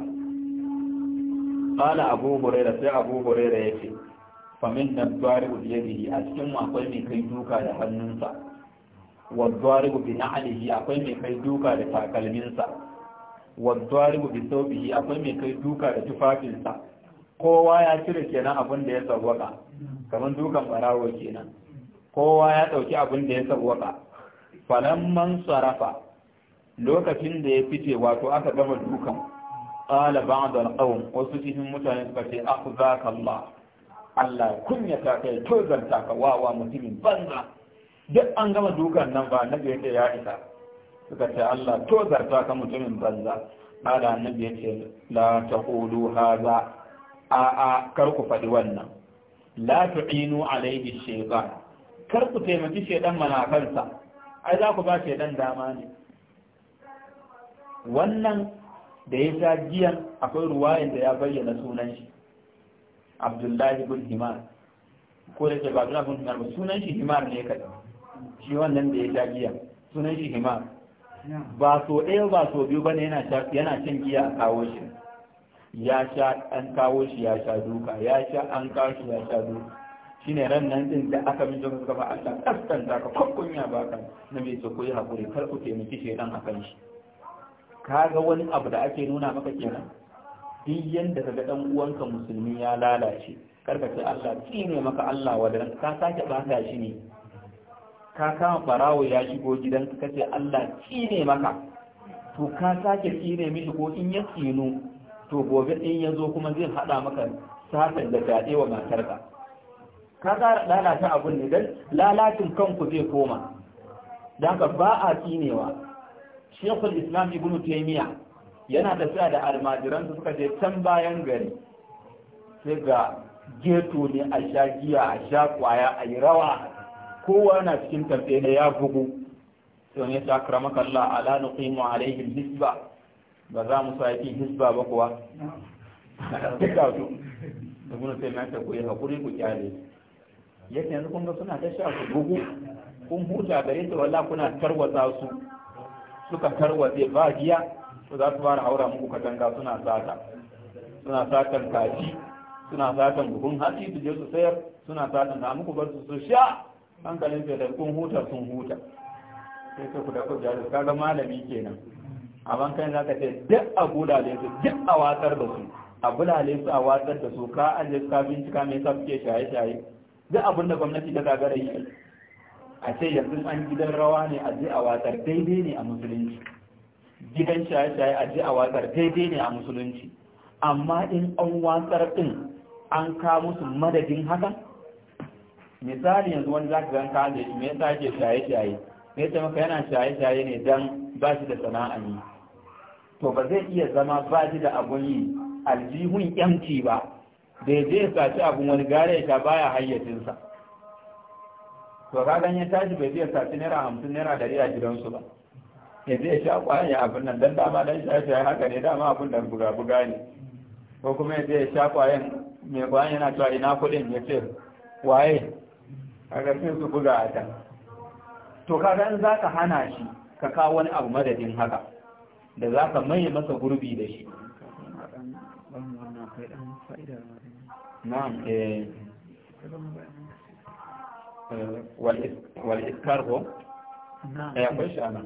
kana Abu Hurairah sai Abu Hurairah yace famin nan bari biyadihi a cikin akwai mai kai duka da hannunsa wadwaribu bi na'alihi akwai mai kai duka da takalminsa wadwaribu bi saubihi akwai mai kai duka da tufafinsa kowa ya cire kenan abin da ya sawwaka kamar dukan barawo kenan kowa ya dauki abin da ya sawwaka falan man sarafa lokacin da ya fice wato aka gama dukan qala ba'd al-qawm wasu cikin mutane suka ce akhzaka Allah Allah kunya ta kai to zanta ka wa wa mutumin banza duk an gama dukan nan ba annabi yake ya isa suka ce Allah to zarta ka mutumin banza ala annabi yake la taqulu hadha a a kar ku faɗi wannan la tu'inu Alayhi shaytan kar ku taimaki shaydan mana kansa ai za ku ba shaydan dama ne wannan da ya sa jiyan akwai ruwayan da ya bayyana sunan shi abdullahi bin himar ko da ke ba abdullahi bin himar sunan shi himar ne kaɗa shi wannan da ya sha giya sunan shi Hima. ba so ɗaya ba so biyu ba ne, yana cin giya a kawo shi ya sha an kawo shi ya sha duka ya sha an kawo shi ya sha duka Shi ne ran nan din da aka min jin suka ba Allah kaskanta ka kwakwun ya ka na mai so koyi hakuri kar ku taimaki a kan shi Ka ga wani abu da ake nuna maka kenan duk yanda ga dan uwanka musulmi ya lalace karka ce Allah tsine maka Allah wadan ka sake ɓata shi ne ka kama barawo ya shigo gidan kace ce Allah tsine maka to ka sake tsine mishi ko in ya tsinu to gobe in ya zo kuma zai haɗa maka satar da dadewa wa matarka ka dana lalata abun ne dan lalacin kanku zai koma dan ka ba a tsinewa shekul islam ibn taimiya yana da sa da su suka je can bayan gari sai ga geto ne a sha giya a sha kwaya a yi rawa kowa na cikin tarbe da ya bugu sai ne ta akramaka Allah ala nuqimu alaihim hisba ba za mu sa yakin hisba ba kuwa duka su ibn taymiya ta koyi hakuri ku kyale yake yanzu kun ga suna ta sha su bugu kun huta gare su wallahi kuna tarwatsa su suka tarwatse ba giya su za su fara haura muku katanga suna sata suna satan kaji suna satan buhun hatsi su je su sayar suna satan da muku bar su su sha hankalin sai da kun huta sun huta sai ku kuda kuja su kaga malami kenan a bankan za ka ce duk a bulale su duk a watsar da su a bulale su a watsar da su ka aje ka bincika me yasa suke shaye-shaye duk abin da gwamnati ta gagara yi a ce yanzu an gidan rawa ne a je a watsar daidai ne a musulunci gidan shaye-shaye a je a watsar daidai ne a musulunci amma in an watsar din an ka musu madadin hakan misali yanzu wani zaka gan ka da me yasa yake shaye shaye me yasa maka yana shaye shaye ne dan ba shi da sana'a ne to ba zai iya zama ba shi da abun yi aljihun yanci ba da ya je saci abun wani gare ya sha baya hayyacinsa to ka ganye tashi bai zai saci naira hamsin naira dari a gidansu ba ya zai sha kwaya abin nan dan dama dan shaye shaye haka ne dama abun da buga buga ne ko kuma ya zai sha kwayan mai kwayan yana cewa ina kuɗin ya ce waye a ƙarfin su buga a can to kaga in za ka hana shi ka kawo wani abu madadin haka da za ka maye masa gurbi da shi eh. Eh, eh,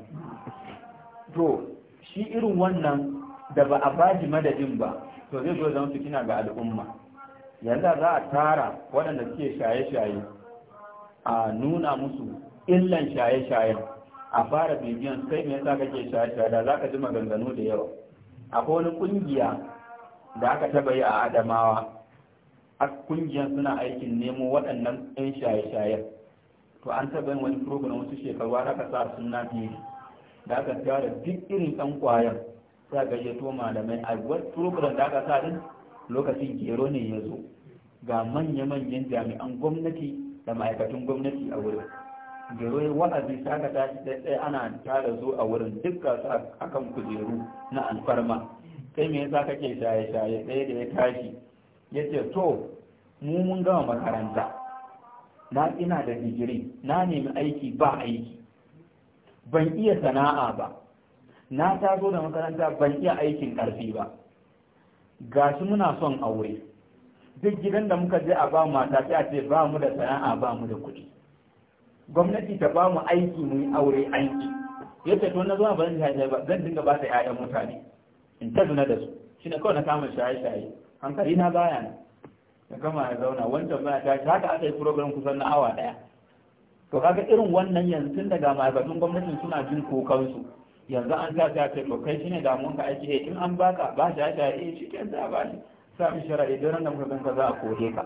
to shi irin wannan da ba a baji madadin ba to zai zo zama fitina ga al'umma yanzu za a tara waɗanda suke shaye-shaye a nuna musu illan shaye-shayen a fara bibiyan sai me yasa kake shaye-shaye da zaka ji maganganu da yawa akwai wani kungiya da aka taba yi a Adamawa a kungiyan suna aikin nemo waɗannan ɗan shaye-shayen to an taba yin wani program wasu shekaru aka sa na biyu da aka da duk irin ɗan kwayan sai ga yato malamai a wani program da aka sa din lokacin gero ne ya zo ga manya-manyan jami'an gwamnati da ma'aikatan gwamnati a wurin gero wa'azi wa'azi ta ta ɗaya ana tara zo a wurin dukkan su akan kujeru na alfarma sai me yasa kake shaye-shaye ɗaya da ya tashi ya ce to mu mun gama makaranta na ina da digiri na nemi aiki ba aiki ban iya sana'a ba na taso da makaranta ban iya aikin ƙarfi ba gashi muna son aure duk gidan da muka je a ba mata sai a ce ba mu da sana'a ba mu da kuɗi gwamnati ta ba mu aiki mu yi aure aiki yadda to na zuwa ba zan yi ba zan dinga ba ta ƴaƴan mutane in ta zuna da su shi ne kawai na kama shaye-shaye hankali na baya na na gama ya zauna wancan baya ta haka aka yi program kusan na awa ɗaya to kaga irin wannan yanzu tun daga ma'aikatun gwamnatin suna jin kokansu yanzu an sa ta ce to kai shi shine damuwanka aiki eh, in an baka ba shaye-shaye eh shi ke za a ba ni sa mi shara'i don nan mutum ka za a kore ka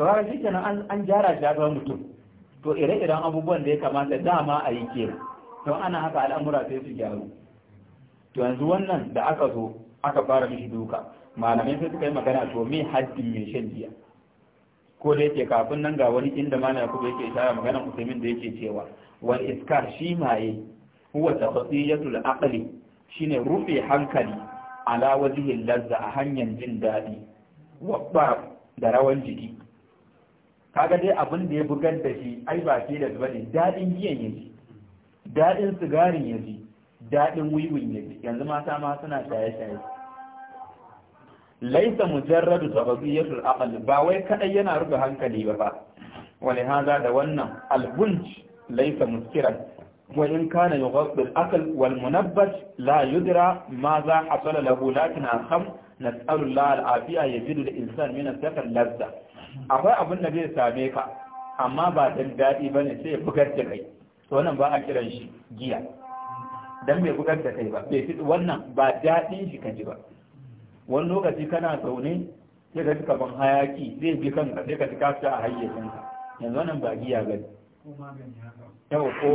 to har shi kenan an gyara shi ga mutum to ire-iren abubuwan da ya kamata dama a yi ke to ana haka al'amura sai su gyaru to yanzu wannan da aka zo aka fara mishi duka malamai sai suka yi magana to me haddin mai shan jiya ko da yake kafin nan ga wani inda mana kuma yake shara magana usaimin da yake cewa wa iskar shi maye huwa tafsiyatul aqli shine rufe hankali ala wajihin lazza a hanyar jin daɗi da rawan jiki kaga dai abin da ya bugar da shi ai ba ke da bane daɗin giyan ya ji daɗin sigarin ya ji daɗin wiwin ya ji yanzu mata ma suna shaye-shaye laisa mujarradu sababiyatul aql ba wai kadai yana rufe hankali ba ba wani haza da wannan albunj laisa muskiran وإن كان يغض الأكل والمنبت لا يدرى ماذا حصل له لكن الخم نسأل الله العافية يجد الإنسان zai same ka أخوة أبو النبي ساميكا أما بعد الدائي بني سي بكر تكي wannan ba a kiran shi giya dan bai bugar da kai ba bai fi wannan ba daɗin shi kan ba wani lokaci kana zaune sai ka ji hayaki zai bi kanka sai ka ji a hayyacin ka yanzu wannan ba giya bane yau ko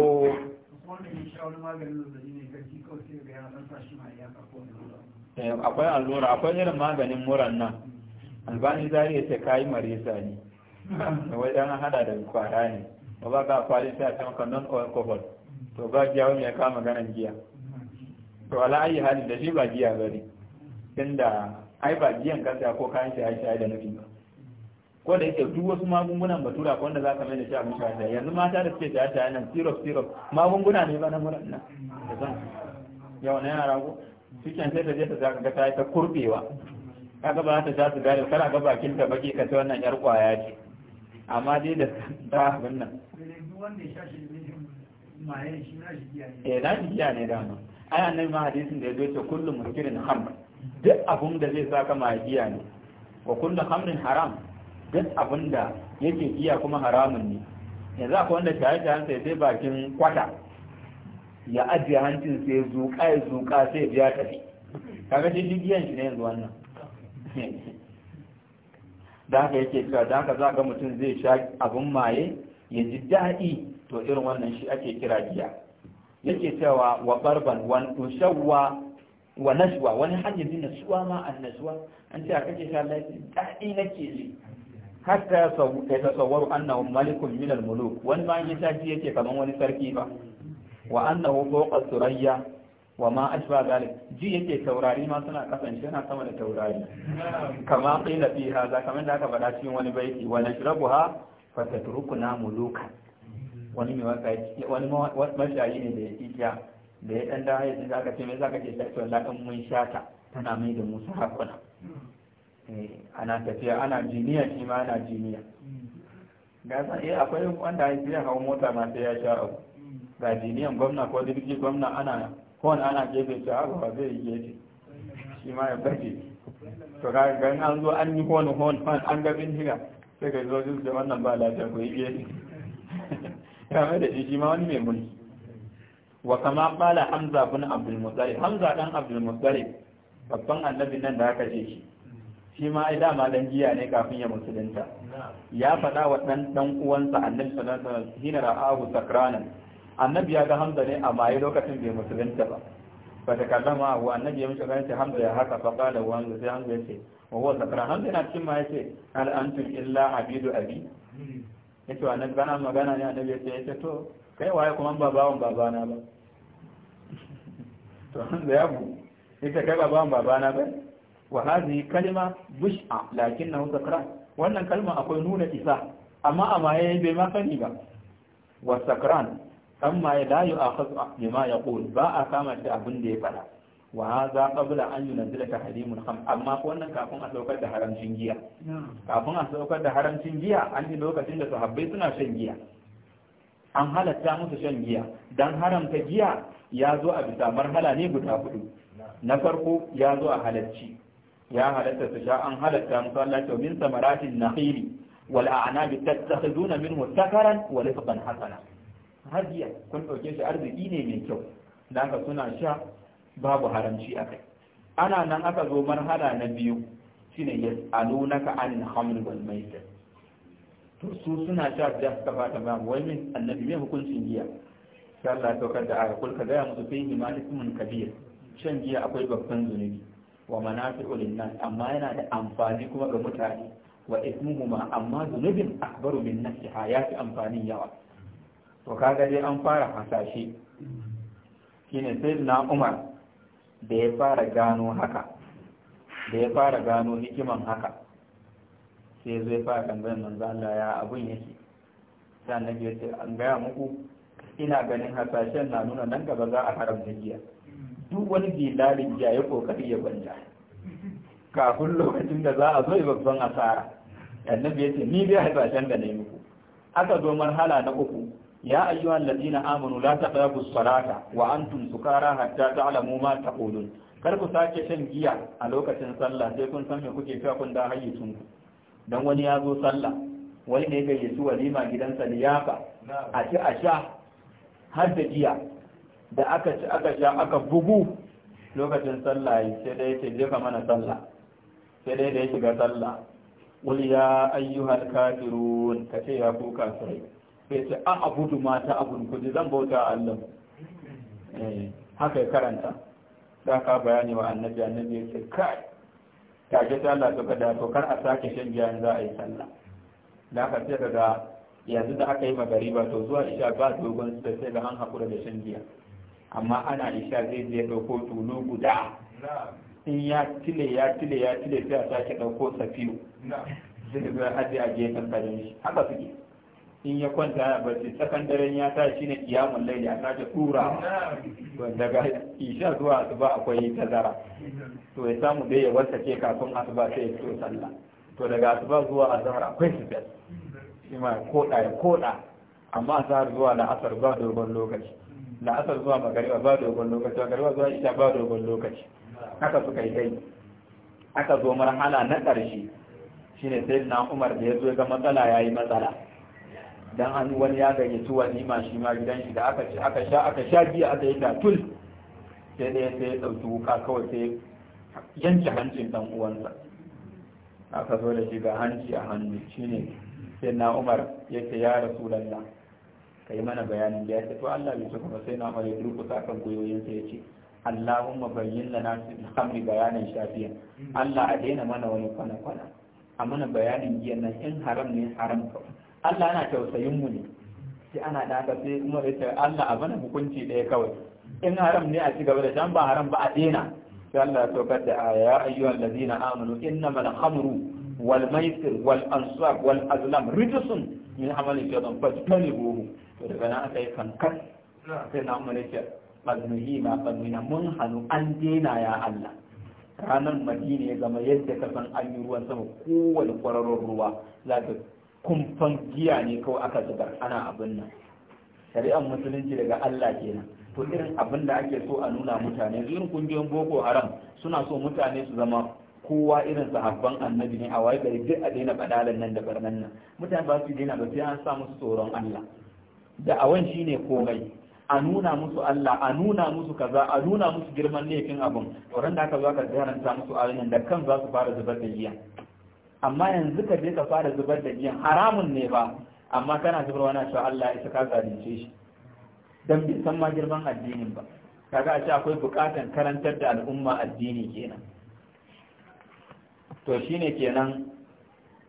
Eh, akwai allura akwai irin maganin muran nan albani zari ce kayi marisa ne Wai 'yan hada da kwara ne ba ba ga kwari sai a can ka non alcohol to ba giya wani ya kama ganin giya to ala ayi halin da shi ba giya bane tunda ai ba giyan kansa ko kayan shi ai da nufi ba ko da yake duk wasu magungunan batura wanda za ka mai da shi abin shaye yanzu mata da suke shaye shaye nan syrup syrup magunguna ne ba na muran nan da zan yau na yara ko cikin sai ta je ta zaka ga ta ta kurbewa kaga ba ta sha sigari kana ga bakin ta baki ka ta wannan yar kwaya ce amma dai da ta abin nan eh na shi giya ne dama ai annabi ma hadisin da ya zo ce kullum muskirin hamr duk abun da zai saka ma giya ne wa kullum hamrin haram duk abin da yake iya kuma haramun ne yanzu ku wanda shaye hansa sai sai bakin kwata ya ajiye hancin sai zuƙa ya zuƙa sai biya tafi kaga shi giyan shi ne yanzu wannan da haka yake cewa da haka za ga mutum zai sha abin maye ya ji daɗi to irin wannan shi ake kira biya yake cewa wa barban wani ushawwa wa nashwa wani hanyar din nasuwa ma an nasuwa an ce a kake sha lafiya daɗi nake ji hatta ya tasawwaru annahu malikun min al-muluk wani ma ya tafi yake kaman wani sarki ba wa annahu fawqa surayya wa ma ashba dalik ji yake taurari ma suna kasance yana sama da taurari kama qila fi hadha kamar da aka faɗa cikin wani baiti wa nashrabuha fa tatrukuna mulukan wani mai waka wani mashayi ne da ya tsiya da ya dan da ya ji zaka ce me zaka ce sai to la mun shata tana mai da musu hakuna Eh, ana tafiya ana jiniya shi ma ana jiniya ga san eh akwai wanda zai hau mota ma sai ya sha abu ga jiniyan gwamna ko dirji gwamna ana hon ana gefe ta abu ba zai yi ce shi ma ya bace to ga gan an zo an yi hon hon hon an ga bindiga sai ka zo da wannan ba lafiya ko yi ya mai da shi ma wani mai mulki wa kama qala hamza bin abdul muttalib hamza dan abdul muttalib babban annabi nan da aka ce shi shi ma ai dama dan jiya ne kafin ya musulunta ya fada wa ɗan dan uwansa annabi sallallahu alaihi wasallam hina ra'ahu sakranan annabi ya ga hamza ne a maye lokacin bai musulunta ba fa ta kallama wa annabi ya mutu ganin hamza ya haka fa qala wa hamza sai hamza yace wa huwa sakran hamza na cikin ma yace al antum illa abidu abi yace wa annabi kana magana ne annabi yace yace to kai waye kuma ba bawan babana ba to hamza ya bu ita kai ba bawan babana ba wa hadhihi kalima bush'a lakinnahu sakran wannan kalma akwai nuna isa amma amma maye bai ma sani ba wa sakran amma ya la yu'akhadhu bima yaqul ba a kama da abin da ya fada wa hadha qabla an yunzila tahrimul kham amma ko wannan kafin a saukar da haramcin giya kafin a saukar da haramcin giya an yi lokacin da sahabbai suna shan giya an halatta musu shan giya dan haramta giya ya zo a bisa marhala ne guda hudu na farko ya zo a halacci ya halatta su sha an halatta musu Allah to min samaratin nakhili wal a'nabi tattakhiduna minhu sakaran wa rizqan hasana hadiya kun dauke shi arziki ne mai kyau dan ka suna sha babu haramci akai ana nan aka zo marhala na biyu shine yas'alunaka anil khamr wal maisir to su suna sha da suka fata ba wai min annabi mai hukuncin giya sai Allah ya saukar da aya kul ka ga musu fihi malikum kabir shan giya akwai babban zunubi wa manafi'u linnas amma yana da amfani kuma ga mutane wa ismuhu ma amma zunubin akbaru min nasiha ya fi amfani yawa to kaga dai an fara hasashe shine sai na umar da ya fara gano haka da ya fara gano hikiman haka sai zai fara tambayar manzo Allah ya abun yake sai annabi ya ce an gaya muku ina ganin hasashen na nuna nan gaba za a haramta giya duk wani dilalin ya yi kokari ya banja kafin lokacin da za a zo yi babban asara annabi ya ce ni haifar can da na yi aka zo marhala na uku ya ayyuhan ladina amanu la taqrabu salata wa antum sukara hatta alamu ma taqulun kar ku sake shan giya a lokacin sallah sai kun san me kuke fiya kun da sun ku dan wani ya zo sallah wani ne gayyaci walima gidansa liyafa a ci a sha har da giya da aka ci aka sha aka bugu lokacin sallah sai dai ce jefa mana sallah sai dai da ya shiga sallah qul ya ayyuhal kafirun ka ce ya ku kafirai sai ce a abudu mata abun ku zan bauta Allah eh, haka ya karanta da ka bayani wa annabi annabi ya ce kai take ta Allah suka da to kar a sake shan giya za a yi sallah da ka sai daga yanzu da aka yi magariba to zuwa isha ba dogon sai ga an hakura da shan giya amma ana isa zai je ɗauko tulu guda in ya tile ya tile ya tile sai a sake ɗauko safiyu zai zai haɗe a kan garin shi haka suke in ya kwanta ya barci tsakan daren ya ta shi ne kiyamun da a sake tura daga isha zuwa asuba akwai tazara to ya samu dai ya wasace kafin asuba sai ya fito sallah to daga asuba zuwa azhar akwai sifat shi ma koda ya koda amma azhar zuwa da asar ba dogon lokaci la'asar zuwa magariba ba dogon lokaci magariba zuwa isha ba dogon lokaci haka suka yi dai aka zo marhala na ƙarshe shine sai na umar da ya zo ga matsala ya yi matsala dan an wani ya gayyaci walima shi ma gidan shi da aka ci aka sha aka sha biya aka yi tatul sai dai sai ya ɗauki wuka kawai sai yanke hancin dan uwansa aka zo da shi ga hanci a hannu shine sai na umar ya ce ya rasu lalla. kai mana bayanin da ya ce to Allah bai saka sai na mai durkusa kan goyoyin sai yace Allahumma bayyin lana fil khamri bayanan shafiya Allah a daina mana wani kwana kwana a mana bayanin giyan nan in haram ne haram ka Allah yana tausayin mu ne sai ana da sai kuma sai ce Allah a bana hukunci ɗaya kawai in haram ne a ci gaba da dan ba haram ba a daina sai Allah ya saukar da aya ayyuha allazina amanu innamal khamru wal maisir wal ansab wal azlam rijsun min hamalin jadon fa tani buhu to daga nan aka yi kankan sai na ne yake ɓazmihi ma ɓazmina mun hannu an dena ya Allah ranar madina ya zama yadda ka san an yi ruwan sama kowane kwararon ruwa za ka kumfan giya ne kawai aka zubar ana abin nan shari'ar musulunci daga Allah kenan to irin abin da ake so a nuna mutane irin kungiyoyin boko haram suna so mutane su zama kowa irin sahabban annabi ne a waye gari duk a daina badalan nan da barnan nan mutane ba su daina ba sai an sa musu tsoron Allah da awan shine komai a nuna musu Allah a nuna musu kaza a nuna musu girman laifin abun wurin da aka zo aka karanta musu nan, da kan za su fara zubar da giya amma yanzu ka je ka fara zubar da giyan haramun ne ba amma kana zubar wani cewa Allah ya ka zalunce shi dan bai san ma girman addinin ba kaga a ce akwai bukatan karantar da al'umma addini kenan to shi ne kenan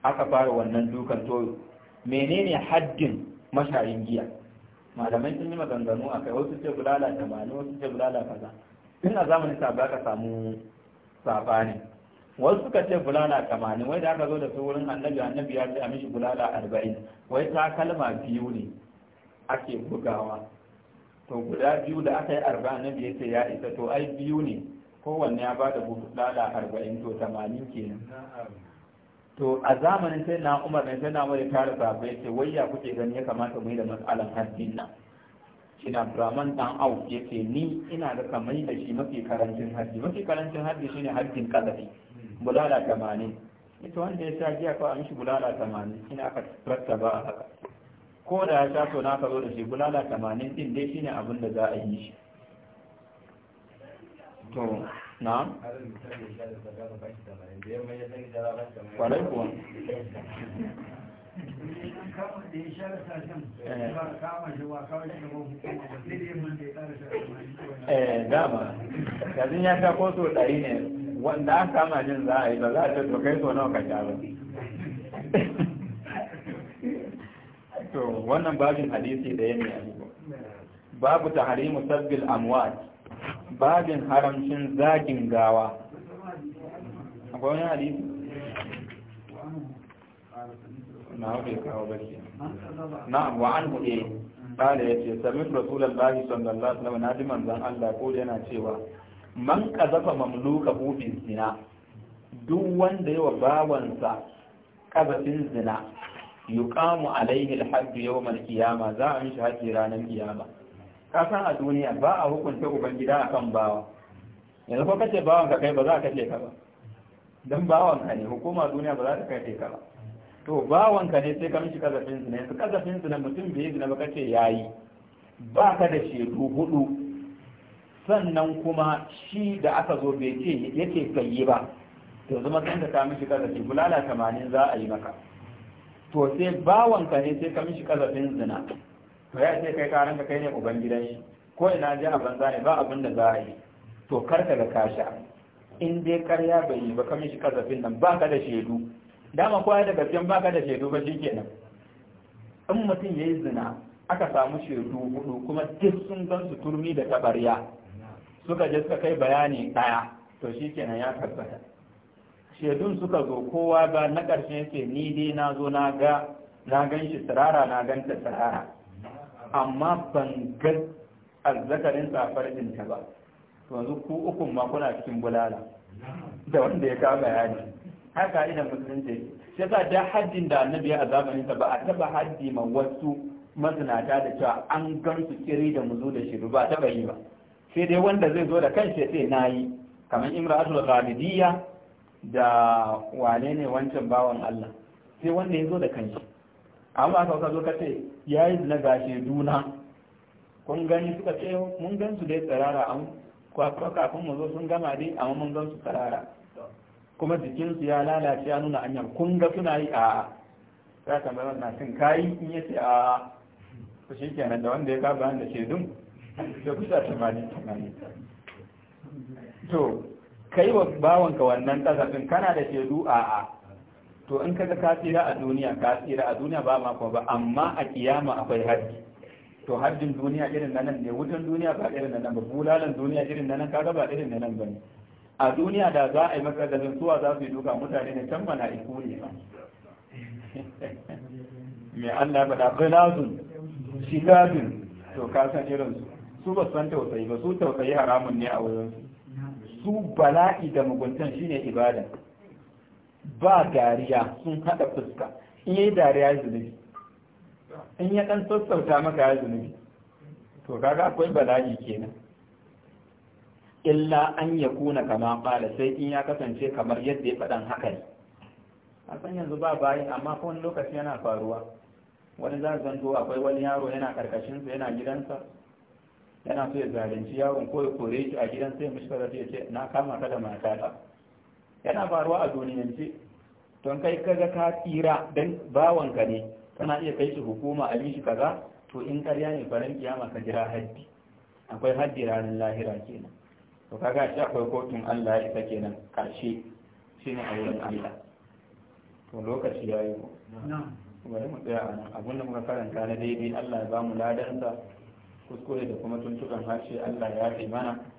aka fara wannan dukan to menene haddin mashayin giya malamai sun yi maganganu a kai wasu ce bulala tamanin wasu ce bulala kaza tun a zamanin sa ba ka samu sabani wasu suka ce bulala tamanin wai da aka zo da su wurin annabi annabi ya ce a mishi bulala arba'in wai ta kalma biyu ne ake bugawa to guda biyu da aka yi arba'in annabi ya ce ya isa to ai biyu ne kowanne ya bada da bulala arba'in to tamanin kenan to a zamanin sai na umar ne sai na umar ya tara sahabbai ce wai ya kuke gani ya kamata mu yi da matsalan haddin nan shine Abdurrahman dan Auf yace ni ina da kamar da shi mafi karancin haddi mafi karancin haddi shine haddin kadafi bulala tamanin. ita wanda ya sha giya ko an shi bulala tamanin? ina aka tsarta ba haka ko da ya sha to na ka zo da shi bulala tamanin din dai shine abin da za a yi shi to na kwarai kuwa eh dama yanzu ya sha ko so ɗari ne wanda an kama jin za a yi ba za a ce to kai so nawa ka sha ba to wannan babin hadisi ɗaya ne a babu tahrimu sabbil amwat babin haramcin zagin gawa akwai wani hadisi na hauke kawo barki na wa'an huɗe eh. ƙada ya ce samin rasulun lahi sallallahu alaihi na ji manzan Allah ko yana cewa man ƙazafa mamluka hufin zina duk wanda yawa bawansa kazafin zina yuqamu alaihi alhaddu yawmal qiyama za a mishi haƙi ranar kiyama ka san a duniya ba a hukunta ubangida kan bawa yanzu ko kace bawan ka kai ba za ka kace ka ba dan bawan ka ne hukuma duniya ba za ta kace ka ba to bawan ka ne sai ka mishi kazafin su ne su kazafin su na mutum bai zina ba kace yayi ba ka da shedu hudu sannan kuma shi da aka zo bai ce yake kai ba to zama san da ka mishi kazafi bulala 80 za a yi maka to sai bawan ka ne sai ka mishi kazafin zina to ya ce kai karan ka kai ne uban shi ko ina ji a banza ne ba abin da za a yi to kar ka ga kasha in dai karya bai yi ba ka mishi kasafin nan ba ka da shaidu dama kowa da gaskiyan ba ka da shaidu ba shikenan in mutum ya yi zina aka samu shaidu hudu kuma duk sun gan su turmi da tabarya suka je suka kai bayani daya to shikenan ya tabbata shaidun suka zo kowa ba na ƙarshen ce ni dai na zo na ga na gan shi tsirara na gan ta amma ban ga azzakarin tsafar jinta ba yanzu ku ukun ma kuna cikin bulala da wanda ya kama bayani haka ina musulunci sai sa da haddin da annabi ya zamanin ta ba a taba haddi ma wasu mazinata da cewa an gan su kiri da muzu da shiru ba taba yi ba sai dai wanda zai zo da kanshi ya ce nayi kamar imratul ghalidiyya da wane ne wancan bawan Allah sai wanda ya zo da kanshi amma aka ka zo ka ce ya yi na gashe duna kun gani suka ce mun gan su dai tsirara an kwakwa kafin mu zo sun gama dai amma mun gan su tsirara kuma jikinsu ya lalace ya nuna hanyar kun ga suna yi a ya tambaya wannan cin kayi in ya ce a ku shi kenan da wanda ya kaba da shaidun da kusa tamani tamani to kai wa bawanka wannan kasafin kana da shaidu a a to in kaga ka tsira a duniya ka tsira a duniya ba ma ba amma a kiyama akwai haddi to haddin duniya irin na nan ne wutan duniya ba irin na nan ba bulalan duniya irin na nan kaga ba irin na nan ba ne a duniya da za a yi maka da zantuwa za su yi duka mutane ne can bana iku ne ba mai Allah ba da bilazun shigabin to ka san irin su su ba san tausayi ba su tausayi haramun ne a wurin su bala'i da muguntan shine ibada ba dariya sun haɗa fuska in yi dariya ya zunubi in ya ɗan sassauta maka ya zunubi to kaga akwai bala'i kenan illa an ya kuna kama ƙala sai in ya kasance kamar yadda ya faɗan haka ne a san yanzu ba bayi amma wani lokaci yana faruwa wani za zanto akwai wani yaro yana karkashinsa yana gidansa yana so ya zalunci yaron ko ya kore shi a gidansa ya mishi ya ce na kama ka da ta. yana faruwa a duniyance don kai kaga ka tsira dan bawanka ne kana iya kai shi hukuma a shi kaza to in karya ne faran kiyama ka jira haddi akwai haddi ranar lahira kenan to kaga shi akwai kotun Allah ita kenan karshe shine a wurin Allah to lokaci yayi ko bari mu tsaya anan abin da muka karanta na daidai Allah ya ba mu ladansa kuskure da kuma tuntukan harshe Allah ya fi mana